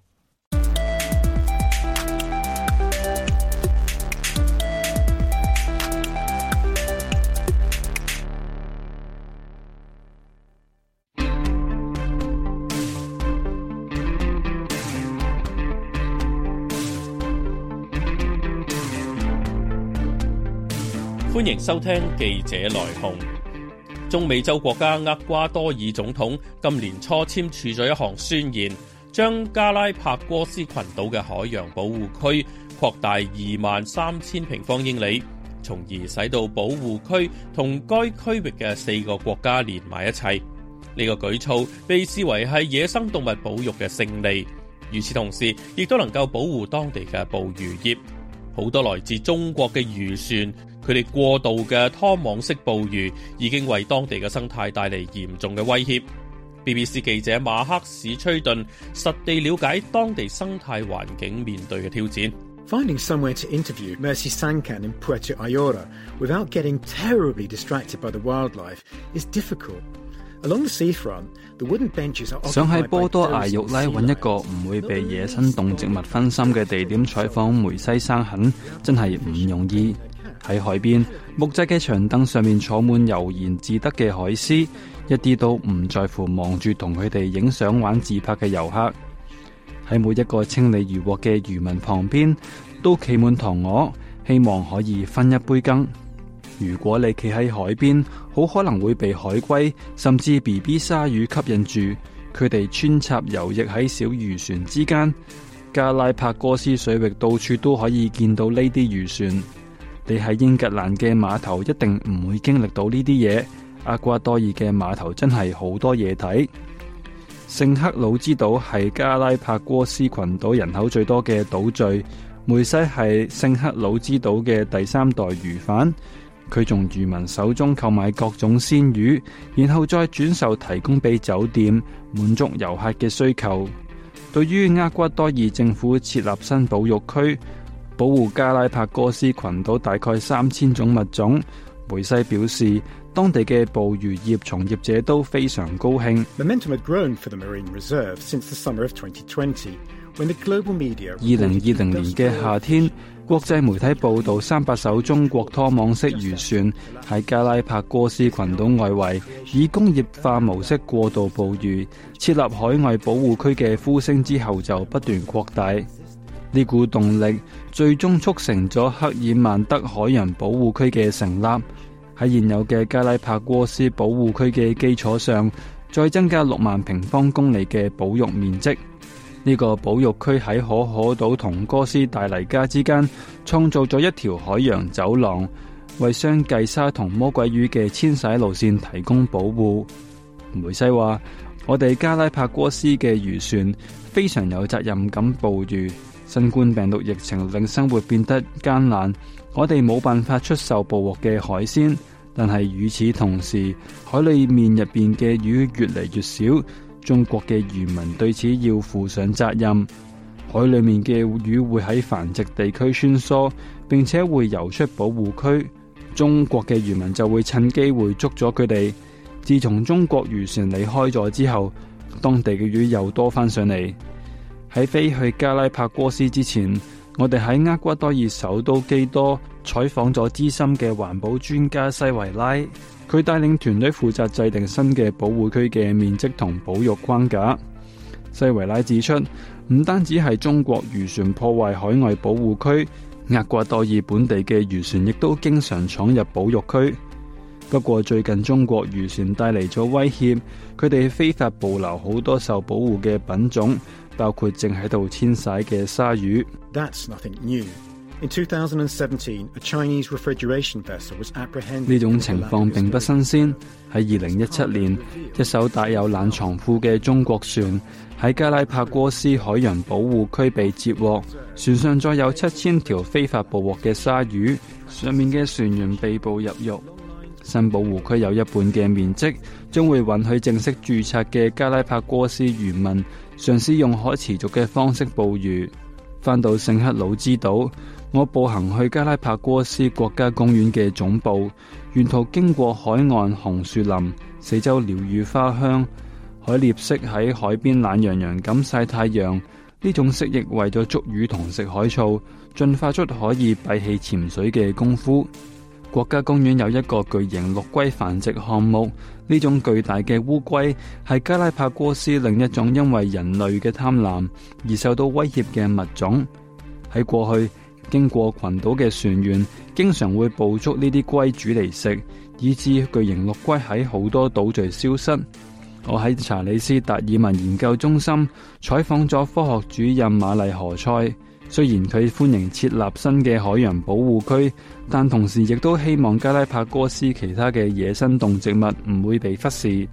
歡迎收聽記者來鴻。中美洲國家厄瓜多爾總統今年初簽署咗一項宣言，將加拉帕戈斯群島嘅海洋保護區擴大二萬三千平方英里，從而使到保護區同該區域嘅四個國家連埋一齊。呢、這個舉措被視為係野生動物保育嘅勝利。與此同時，亦都能夠保護當地嘅捕魚業。好多來自中國嘅漁船。佢哋過度嘅拖網式捕魚已經為當地嘅生態帶嚟嚴重嘅威脅。BBC 記者馬克史崔頓實地了解當地生態環境面對嘅挑戰。想喺波多艾玉拉揾一個唔會被野生動植物分心嘅地點採訪梅西山肯，真係唔容易。喺海邊木製嘅長凳上面坐滿悠然自得嘅海獅，一啲都唔在乎忙住同佢哋影相玩自拍嘅遊客。喺每一個清理漁獲嘅漁民旁邊，都企滿塘鵝，希望可以分一杯羹。如果你企喺海邊，好可能會被海龜甚至 BB 鯊魚吸引住，佢哋穿插游弋，喺小漁船之間。加拉帕戈斯水域到處都可以見到呢啲漁船。你喺英格蘭嘅碼頭一定唔會經歷到呢啲嘢，厄瓜多爾嘅碼頭真係好多嘢睇。聖克魯茲島係加拉帕哥斯群島人口最多嘅島嶼，梅西係聖克魯茲島嘅第三代魚販，佢從漁民手中購買各種鮮魚，然後再轉售提供俾酒店，滿足遊客嘅需求。對於厄瓜多爾政府設立新保育區。保護加拉帕戈斯群島大概三千種物種，梅西表示，當地嘅捕魚業從業者都非常高興。二零二零年嘅夏天，國際媒體報導三百艘中國拖網式漁船喺加拉帕戈斯群島外圍以工業化模式過度捕魚，設立海外保護區嘅呼聲之後就不斷擴大。呢股動力最終促成咗赫爾曼德海洋保護區嘅成立，喺現有嘅加拉帕戈斯保護區嘅基礎上，再增加六萬平方公里嘅保育面積。呢、這個保育區喺可可島同哥斯大黎加之間，創造咗一條海洋走廊，為雙髻鯊同魔鬼魚嘅遷徙路綫提供保護。梅西話：我哋加拉帕戈斯嘅漁船非常有責任噉捕魚。新冠病毒疫情令生活變得艱難，我哋冇辦法出售捕獲嘅海鮮。但係與此同時，海裏面入邊嘅魚越嚟越少。中國嘅漁民對此要負上責任。海裏面嘅魚會喺繁殖地區穿梭，並且會游出保護區。中國嘅漁民就會趁機會捉咗佢哋。自從中國漁船離開咗之後，當地嘅魚又多返上嚟。喺飛去加拉帕戈斯之前，我哋喺厄瓜多爾首都基多採訪咗資深嘅環保專家西維拉。佢帶領團隊負責制定新嘅保護區嘅面積同保育框架。西維拉指出，唔單止係中國漁船破壞海外保護區，厄瓜多爾本地嘅漁船亦都經常闖入保育區。不過最近中國漁船帶嚟咗威脅，佢哋非法保留好多受保護嘅品種。包括正喺度遷徙嘅鯊魚。呢種情況並不新鮮。喺二零一七年，一艘帶有冷藏庫嘅中國船喺加拉帕哥斯海洋保護區被截獲，船上載有七千條非法捕獲嘅鯊魚，上面嘅船員被捕入獄。新保護區有一半嘅面積將會允許正式註冊嘅加拉帕哥斯漁民。嘗試用可持續嘅方式捕魚，返到聖克魯茲島，我步行去加拉帕戈斯國家公園嘅總部，沿途經過海岸紅樹林，四周鳥語花香，海鬣蜥喺海邊懶洋洋咁曬太陽，呢種蜥蜴為咗捉魚同食海草，進化出可以閉氣潛水嘅功夫。國家公園有一個巨型陸龜繁殖項目，呢種巨大嘅烏龜係加拉帕戈斯另一種因為人類嘅貪婪而受到威脅嘅物種。喺過去，經過群島嘅船員經常會捕捉呢啲龜煮嚟食，以致巨型陸龜喺好多島嶼消失。我喺查理斯達爾文研究中心採訪咗科學主任瑪麗何塞。雖然佢歡迎設立新嘅海洋保護區，但同時亦都希望加拉帕戈斯其他嘅野生動植物唔會被忽視。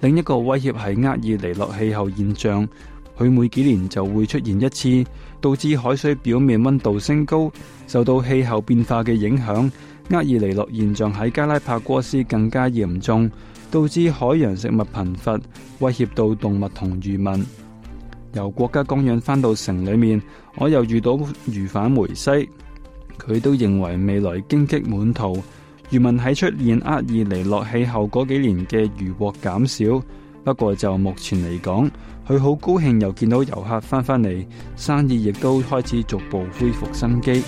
另一個威脅係厄爾尼諾氣候現象，佢每幾年就會出現一次，導致海水表面溫度升高。受到氣候變化嘅影響，厄爾尼諾現象喺加拉帕戈斯更加嚴重，導致海洋食物貧乏，威脅到動物同漁民。由國家公園翻到城裏面。我又遇到魚販梅西，佢都認為未來荊棘滿途，漁民喺出現厄爾尼諾氣候後嗰幾年嘅漁獲減少。不過就目前嚟講，佢好高興又見到遊客翻返嚟，生意亦都開始逐步恢復生機。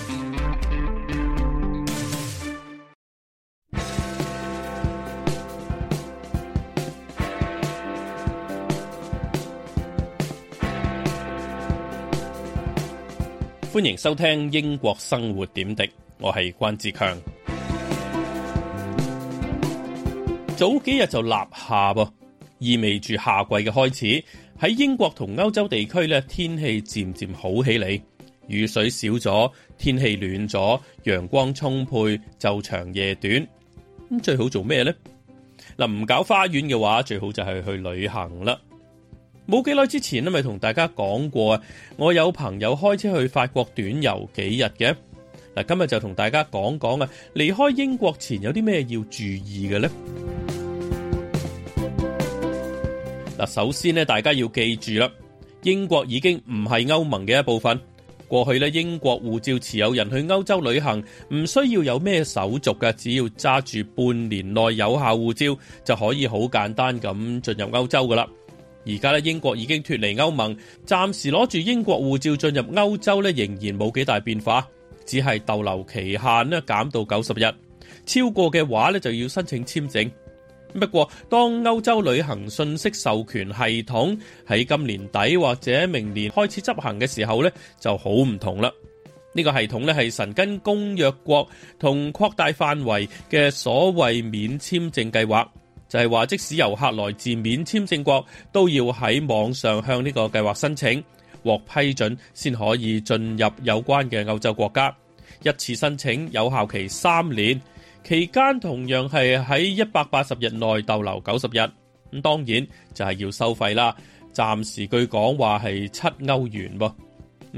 歡迎收聽英國生活點滴，我係關志強。早幾日就立夏噃，意味住夏季嘅開始。喺英國同歐洲地區咧，天氣漸漸好起嚟，雨水少咗，天氣暖咗，陽光充沛，晝長夜短。咁最好做咩呢？嗱，唔搞花園嘅話，最好就係去旅行啦。冇幾耐之前咧，咪同大家講過啊！我有朋友開車去法國短遊幾日嘅。嗱，今日就同大家講講啊，離開英國前有啲咩要注意嘅咧？嗱， 首先咧，大家要記住啦，英國已經唔係歐盟嘅一部分。過去咧，英國護照持有人去歐洲旅行唔需要有咩手續噶，只要揸住半年內有效護照就可以好簡單咁進入歐洲噶啦。而家咧，英國已經脫離歐盟，暫時攞住英國護照進入歐洲咧，仍然冇幾大變化，只係逗留期限咧，減到九十日，超過嘅話咧就要申請簽證。不過，當歐洲旅行信息授權系統喺今年底或者明年開始執行嘅時候咧，就好唔同啦。呢個系統咧係申根公約國同擴大範圍嘅所謂免簽證計劃。就係話，即使遊客來自免簽證國，都要喺網上向呢個計劃申請獲批准，先可以進入有關嘅歐洲國家。一次申請有效期三年，期間同樣係喺一百八十日內逗留九十日。咁當然就係要收費啦。暫時據講話係七歐元噃。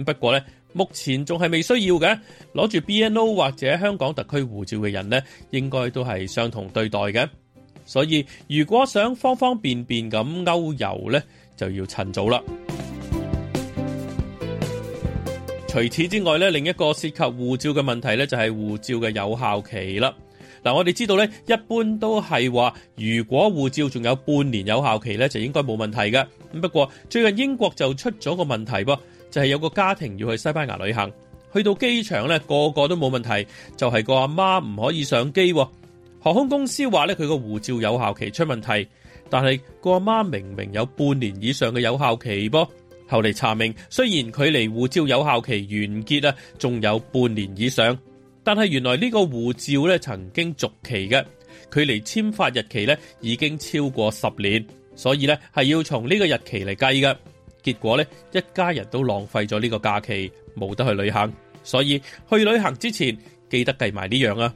不過呢，目前仲係未需要嘅攞住 BNO 或者香港特區護照嘅人呢，應該都係相同對待嘅。所以如果想方方便便咁歐遊呢，就要趁早啦。除此之外咧，另一個涉及護照嘅問題咧，就係護照嘅有效期啦。嗱、嗯，我哋知道咧，一般都係話，如果護照仲有半年有效期咧，就應該冇問題嘅。不過最近英國就出咗個問題噃，就係、是、有個家庭要去西班牙旅行，去到機場咧，個個都冇問題，就係、是、個阿媽唔可以上機。航空公司話咧佢個護照有效期出問題，但係個阿媽明明有半年以上嘅有效期噃。後嚟查明，雖然距離護照有效期完結啊，仲有半年以上，但係原來呢個護照咧曾經續期嘅，距離簽發日期咧已經超過十年，所以咧係要從呢個日期嚟計㗎。結果咧一家人都浪費咗呢個假期，冇得去旅行。所以去旅行之前，記得計埋呢樣啊！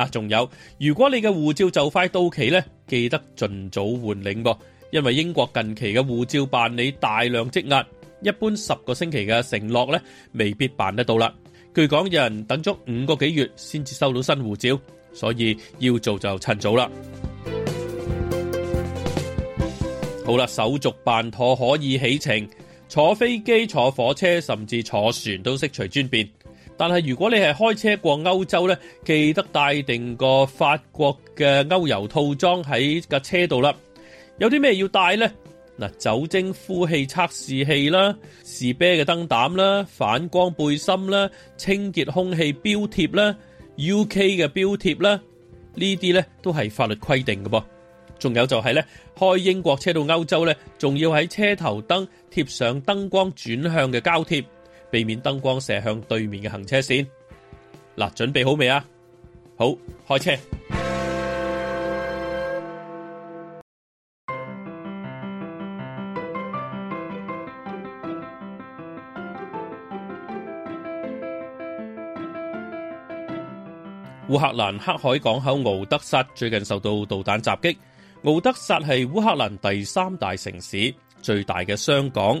啊，仲有，如果你嘅護照就快到期咧，記得盡早換領噃，因為英國近期嘅護照辦理大量積壓，一般十個星期嘅承諾咧，未必辦得到啦。據講有人等咗五個幾月先至收到新護照，所以要做就趁早啦。好啦，手續辦妥可以起程，坐飛機、坐火車甚至坐船都悉隨尊便。但係如果你係開車過歐洲咧，記得帶定個法國嘅歐遊套裝喺架車度啦。有啲咩要帶呢？嗱，酒精呼氣測試器啦，士啤嘅燈膽啦，反光背心啦，清潔空氣標貼啦，UK 嘅標貼啦，呢啲咧都係法律規定嘅噃。仲有就係、是、咧，開英國車到歐洲咧，仲要喺車頭燈貼上燈光轉向嘅膠貼。避免燈光射向對面嘅行車線。嗱，準備好未啊？好，開車。烏克蘭黑海港口敖德薩最近受到導彈襲擊。敖德薩係烏克蘭第三大城市，最大嘅商港。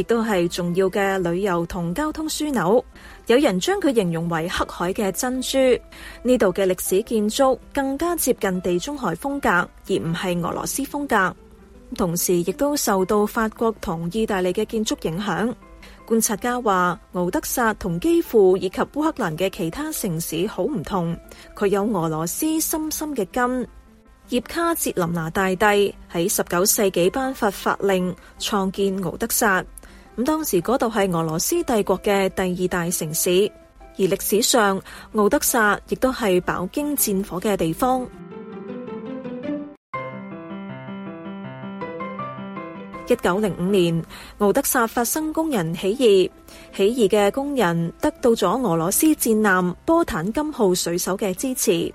亦都係重要嘅旅遊同交通樞紐，有人將佢形容為黑海嘅珍珠。呢度嘅歷史建築更加接近地中海風格，而唔係俄羅斯風格。同時，亦都受到法國同意大利嘅建築影響。觀察家話，敖德薩同基輔以及烏克蘭嘅其他城市好唔同，佢有俄羅斯深深嘅根。葉卡捷琳娜大帝喺十九世紀頒發法令，創建敖德薩。咁當時嗰度係俄羅斯帝國嘅第二大城市，而歷史上敖德薩亦都係飽經戰火嘅地方。一九零五年，敖德薩發生工人起義，起義嘅工人得到咗俄羅斯戰艦波坦金號水手嘅支持。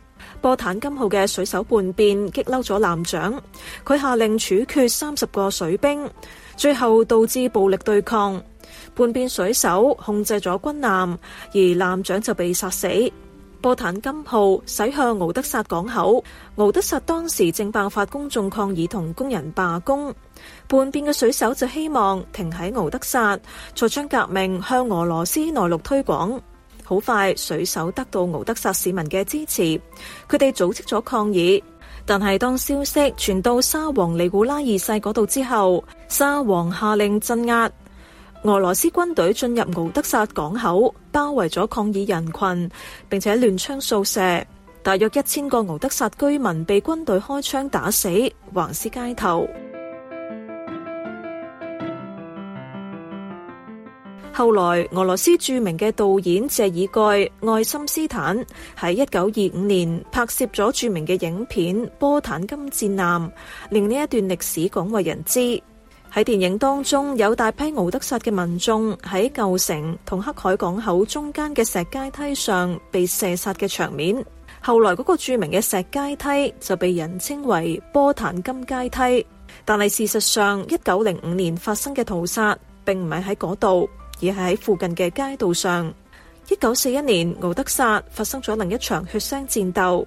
波坦金號嘅水手叛變，激嬲咗艦長，佢下令處決三十個水兵，最後導致暴力對抗。叛變水手控制咗軍艦，而艦長就被殺死。波坦金號駛向敖德薩港口，敖德薩當時正爆發公眾抗議同工人罷工。叛變嘅水手就希望停喺敖德薩，再將革命向俄羅斯內陸推廣。好快，水手得到敖德薩市民嘅支持，佢哋組織咗抗議。但係當消息傳到沙皇尼古拉二世嗰度之後，沙皇下令鎮壓。俄羅斯軍隊進入敖德薩港口，包圍咗抗議人群，並且亂槍掃射。大約一千個敖德薩居民被軍隊開槍打死，橫屍街頭。後來，俄羅斯著名嘅導演謝爾蓋·愛森斯坦喺一九二五年拍攝咗著名嘅影片《波坦金戰艦》，令呢一段歷史廣為人知。喺電影當中，有大批敖德薩嘅民眾喺舊城同黑海港口中間嘅石階梯上被射殺嘅場面。後來嗰個著名嘅石階梯就被人稱為波坦金階梯，但係事實上，一九零五年發生嘅屠殺並唔係喺嗰度。而喺附近嘅街道上，一九四一年奧德薩發生咗另一場血腥戰鬥。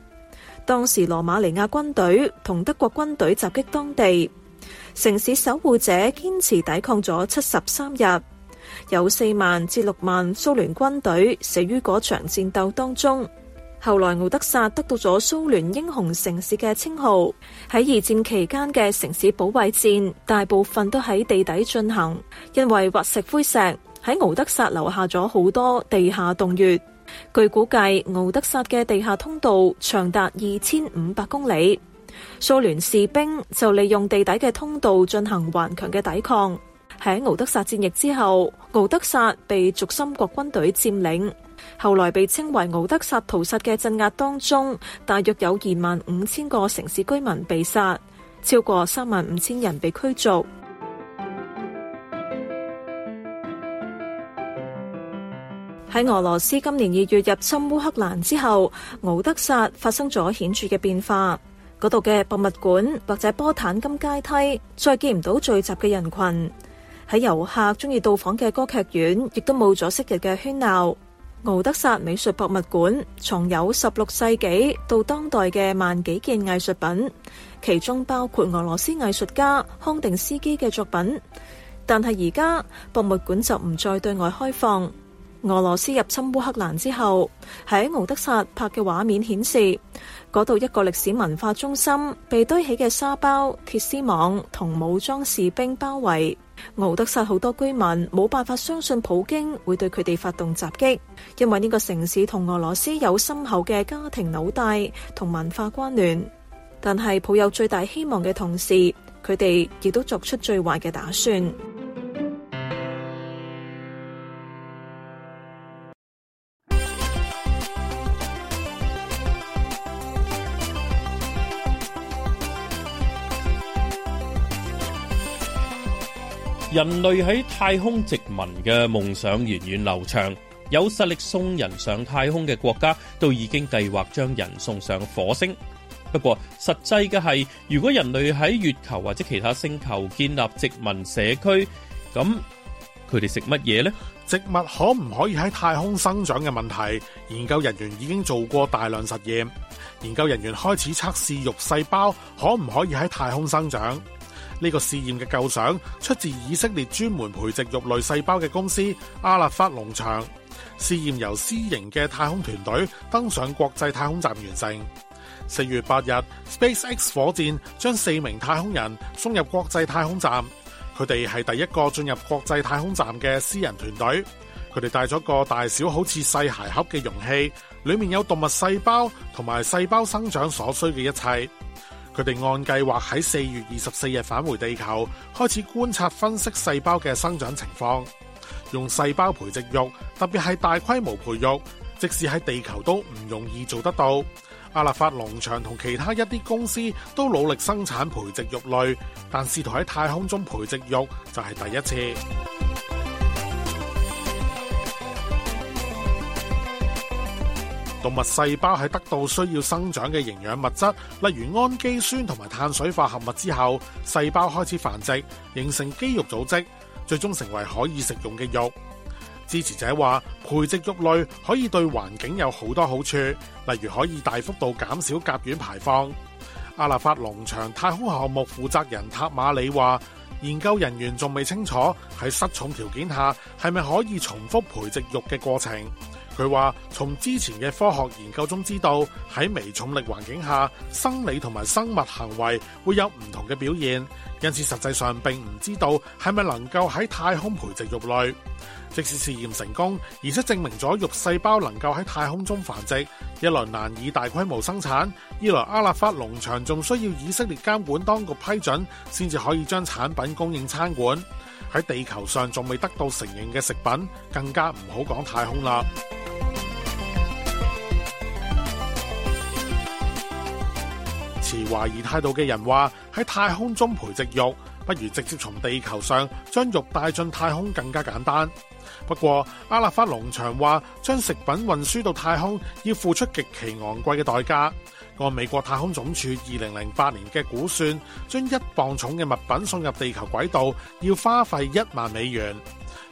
當時羅馬尼亞軍隊同德國軍隊襲擊當地，城市守護者堅持抵抗咗七十三日，有四萬至六萬蘇聯軍隊死於嗰場戰鬥當中。後來奧德薩得到咗蘇聯英雄城市嘅稱號。喺二戰期間嘅城市保衛戰，大部分都喺地底進行，因為挖石灰石。喺敖德薩留下咗好多地下洞穴，據估計敖德薩嘅地下通道長達二千五百公里。蘇聯士兵就利用地底嘅通道進行頑強嘅抵抗。喺敖德薩戰役之後，敖德薩被軸心國軍隊佔領。後來被稱為敖德薩屠殺嘅鎮壓當中，大約有二萬五千個城市居民被殺，超過三萬五千人被驅逐。喺俄羅斯今年二月入侵烏克蘭之後，敖德薩發生咗顯著嘅變化。嗰度嘅博物館或者波坦金階梯再見唔到聚集嘅人群。喺遊客中意到訪嘅歌劇院亦都冇咗昔日嘅喧鬧。敖德薩美術博物館藏有十六世紀到當代嘅萬幾件藝術品，其中包括俄羅斯藝術家康定斯基嘅作品。但係而家博物館就唔再對外開放。俄羅斯入侵烏克蘭之後，喺敖德薩拍嘅畫面顯示，嗰度一個歷史文化中心被堆起嘅沙包、鐵絲網同武裝士兵包圍。敖德薩好多居民冇辦法相信普京會對佢哋發動襲擊，因為呢個城市同俄羅斯有深厚嘅家庭紐帶同文化關聯。但係抱有最大希望嘅同時，佢哋亦都作出最壞嘅打算。人類喺太空殖民嘅夢想源遠流長，有實力送人上太空嘅國家都已經計劃將人送上火星。不過實際嘅係，如果人類喺月球或者其他星球建立殖民社區，咁佢哋食乜嘢呢？植物可唔可以喺太空生長嘅問題，研究人員已經做過大量實驗。研究人員開始測試肉細胞可唔可以喺太空生長。呢個試驗嘅構想出自以色列專門培植肉類細胞嘅公司阿勒法農場。試驗由私營嘅太空團隊登上國際太空站完成。四月八日，SpaceX 火箭將四名太空人送入國際太空站，佢哋係第一個進入國際太空站嘅私人團隊。佢哋帶咗個大小好似細鞋盒嘅容器，裏面有動物細胞同埋細胞生長所需嘅一切。佢哋按計劃喺四月二十四日返回地球，開始觀察分析細胞嘅生長情況。用細胞培植肉，特別係大規模培植，即使喺地球都唔容易做得到。阿立法農場同其他一啲公司都努力生產培植肉類，但試圖喺太空中培植肉就係第一次。動物細胞喺得到需要生長嘅營養物質，例如氨基酸同埋碳水化合物之後，細胞開始繁殖，形成肌肉組織，最終成為可以食用嘅肉。支持者話，培植肉類可以對環境有好多好處，例如可以大幅度減少甲烷排放。阿立法農場太空項目負責人塔馬里話，研究人員仲未清楚喺失重條件下係咪可以重複培植肉嘅過程。佢話從之前嘅科學研究中知道，喺微重力環境下，生理同埋生物行為會有唔同嘅表現，因此實際上並唔知道係咪能夠喺太空培植肉類。即使試驗成功，而且證明咗肉細胞能夠喺太空中繁殖，一來難以大規模生產，二來阿拉法農場仲需要以色列監管當局批准，先至可以將產品供應餐館。喺地球上仲未得到承認嘅食品，更加唔好講太空啦。持懷疑態度嘅人話：喺太空中培植肉，不如直接從地球上將肉帶進太空更加簡單。不過，阿立法農場話，將食品運輸到太空要付出極其昂貴嘅代價。按美國太空總署二零零八年嘅估算，將一磅重嘅物品送入地球軌道要花費一萬美元。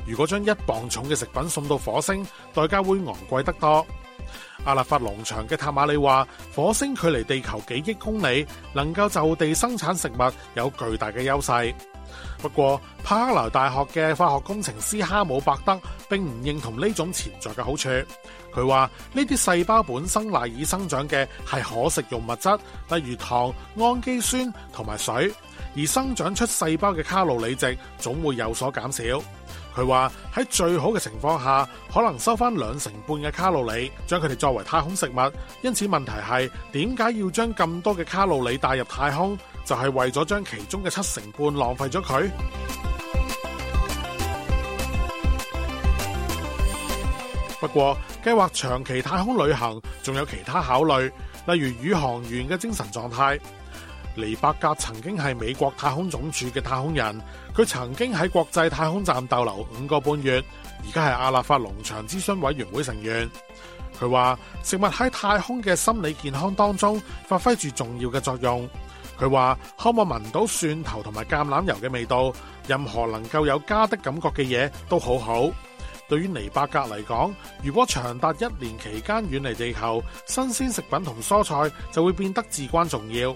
如果將一磅重嘅食品送到火星，代價會昂貴得多。阿立法農場嘅塔馬里話：火星距離地球幾億公里，能夠就地生產食物有巨大嘅優勢。不過，帕克萊大學嘅化學工程師哈姆伯德並唔認同呢種潛在嘅好處。佢話：呢啲細胞本身賴以生長嘅係可食用物質，例如糖、氨基酸同埋水，而生長出細胞嘅卡路里值總會有所減少。佢話喺最好嘅情況下，可能收返兩成半嘅卡路里，將佢哋作為太空食物。因此問題係，點解要將咁多嘅卡路里帶入太空？就係、是、為咗將其中嘅七成半浪費咗佢。不過計劃長期太空旅行，仲有其他考慮，例如宇航員嘅精神狀態。尼伯格曾經係美國太空總署嘅太空人，佢曾經喺國際太空站逗留五個半月，而家係亞立法農場諮詢委員會成員。佢話食物喺太空嘅心理健康當中發揮住重要嘅作用。佢話，可唔可以聞到蒜頭同埋橄欖油嘅味道，任何能夠有家的感覺嘅嘢都好好。對於尼伯格嚟講，如果長達一年期間遠離地球，新鮮食品同蔬菜就會變得至關重要。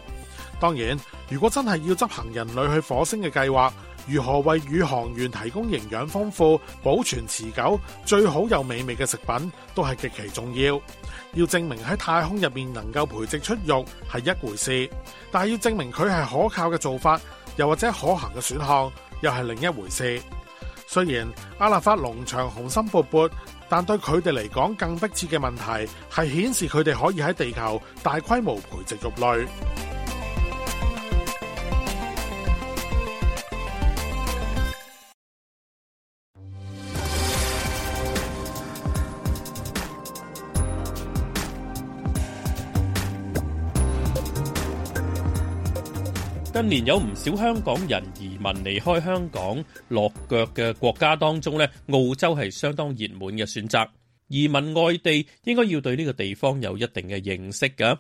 當然，如果真係要執行人類去火星嘅計劃，如何為宇航員提供營養豐富、保存持久、最好又美味嘅食品，都係極其重要。要證明喺太空入面能夠培植出肉係一回事，但係要證明佢係可靠嘅做法，又或者可行嘅選項，又係另一回事。雖然阿納法農場雄心勃勃，但對佢哋嚟講，更迫切嘅問題係顯示佢哋可以喺地球大規模培植肉類。近年有唔少香港人移民離開香港落腳嘅國家當中咧，澳洲係相當熱門嘅選擇。移民外地應該要對呢個地方有一定嘅認識噶。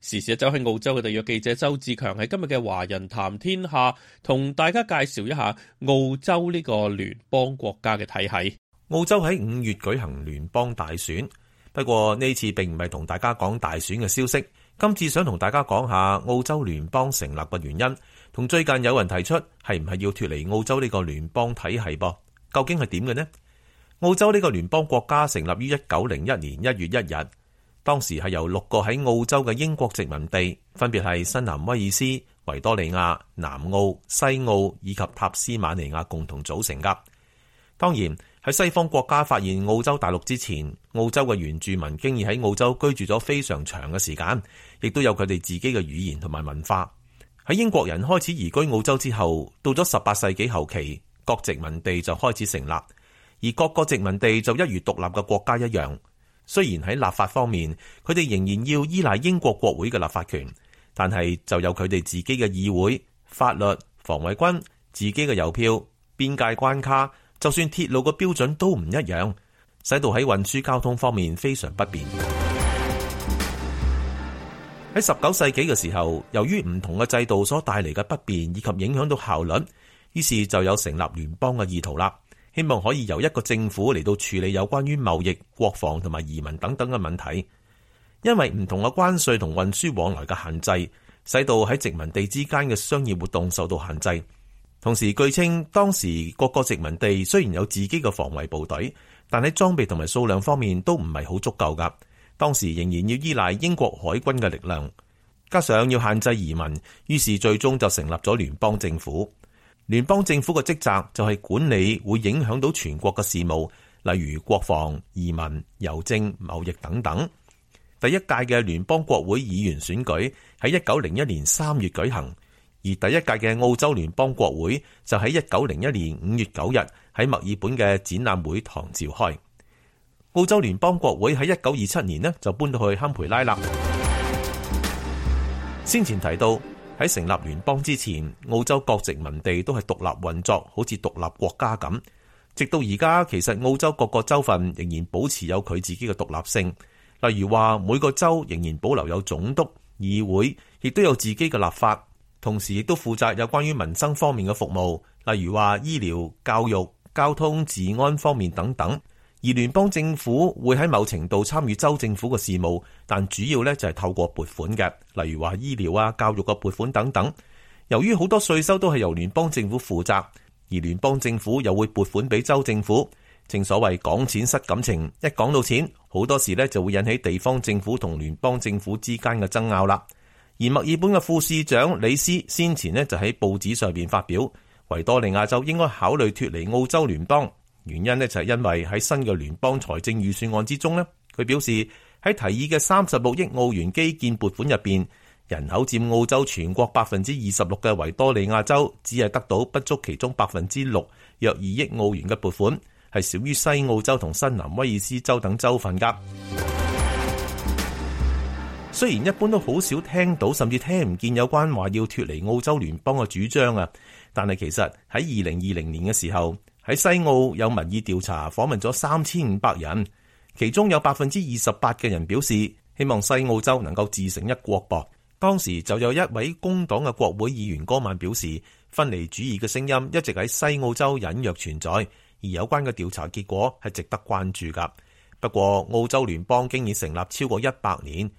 時事一周喺澳洲嘅特約記者周志強喺今日嘅《華人談天下》同大家介紹一下澳洲呢個聯邦國家嘅體系。澳洲喺五月舉行聯邦大選，不過呢次並唔係同大家講大選嘅消息。今次想同大家講下澳洲聯邦成立嘅原因，同最近有人提出係唔係要脱離澳洲呢個聯邦體係噃，究竟係點嘅呢？澳洲呢個聯邦國家成立於一九零一年一月一日，當時係由六個喺澳洲嘅英國殖民地，分別係新南威爾斯、維多利亞、南澳、西澳以及塔斯馬尼亞共同組成噶。當然。喺西方國家發現澳洲大陸之前，澳洲嘅原住民經已喺澳洲居住咗非常長嘅時間，亦都有佢哋自己嘅語言同埋文化。喺英國人開始移居澳洲之後，到咗十八世紀後期，各殖民地就開始成立，而各個殖民地就一如獨立嘅國家一樣。雖然喺立法方面，佢哋仍然要依賴英國國會嘅立法權，但係就有佢哋自己嘅議會、法律、防衛軍、自己嘅郵票、邊界關卡。就算鐵路嘅標準都唔一樣，使到喺運輸交通方面非常不便。喺十九世紀嘅時候，由於唔同嘅制度所帶嚟嘅不便以及影響到效率，於是就有成立聯邦嘅意圖啦。希望可以由一個政府嚟到處理有關於貿易、國防同埋移民等等嘅問題。因為唔同嘅關稅同運輸往來嘅限制，使到喺殖民地之間嘅商業活動受到限制。同時，據稱當時各個殖民地雖然有自己嘅防衛部隊，但喺裝備同埋數量方面都唔係好足夠㗎。當時仍然要依賴英國海軍嘅力量，加上要限制移民，於是最終就成立咗聯邦政府。聯邦政府嘅職責就係管理會影響到全國嘅事務，例如國防、移民、郵政、貿易等等。第一屆嘅聯邦國會議員選舉喺一九零一年三月舉行。而第一屆嘅澳洲聯邦國會就喺一九零一年五月九日喺墨爾本嘅展覽會堂召開。澳洲聯邦國會喺一九二七年呢就搬到去堪培拉啦。先前提到喺成立聯邦之前，澳洲各殖民地都係獨立運作，好似獨立國家咁。直到而家，其實澳洲各個州份仍然保持有佢自己嘅獨立性。例如話，每個州仍然保留有總督、議會，亦都有自己嘅立法。同時亦都負責有關於民生方面嘅服務，例如話醫療、教育、交通、治安方面等等。而聯邦政府會喺某程度參與州政府嘅事務，但主要咧就係透過撥款嘅，例如話醫療啊、教育嘅撥款等等。由於好多稅收都係由聯邦政府負責，而聯邦政府又會撥款俾州政府。正所謂講錢失感情，一講到錢，好多時咧就會引起地方政府同聯邦政府之間嘅爭拗啦。而墨爾本嘅副市長李斯先前呢，就喺報紙上邊發表，維多利亞州應該考慮脫離澳洲聯邦，原因呢，就係因為喺新嘅聯邦財政預算案之中呢，佢表示喺提議嘅三十六億澳元基建撥款入邊，人口佔澳洲全國百分之二十六嘅維多利亞州只係得到不足其中百分之六，約二億澳元嘅撥款，係少於西澳洲同新南威爾斯州等州份噶。雖然一般都好少聽到，甚至聽唔見有關話要脫離澳洲聯邦嘅主張啊，但係其實喺二零二零年嘅時候，喺西澳有民意調查訪問咗三千五百人，其中有百分之二十八嘅人表示希望西澳洲能夠自成一國。噃，當時就有一位工黨嘅國會議員戈曼表示，分離主義嘅聲音一直喺西澳洲隱約存在，而有關嘅調查結果係值得關注噶。不過澳洲聯邦經已成立超過一百年。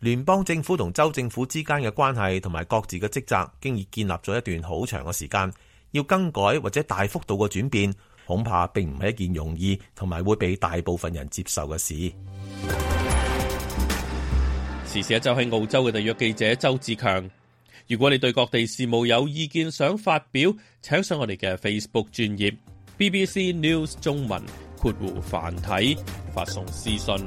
聯邦政府同州政府之間嘅關係同埋各自嘅職責，經已建立咗一段好長嘅時間。要更改或者大幅度嘅轉變，恐怕並唔係一件容易同埋會被大部分人接受嘅事。時事一周喺澳洲嘅特約記者周志強。如果你對各地事務有意見想發表，請上我哋嘅 Facebook 專頁 BBC News 中文括弧繁體發送私信。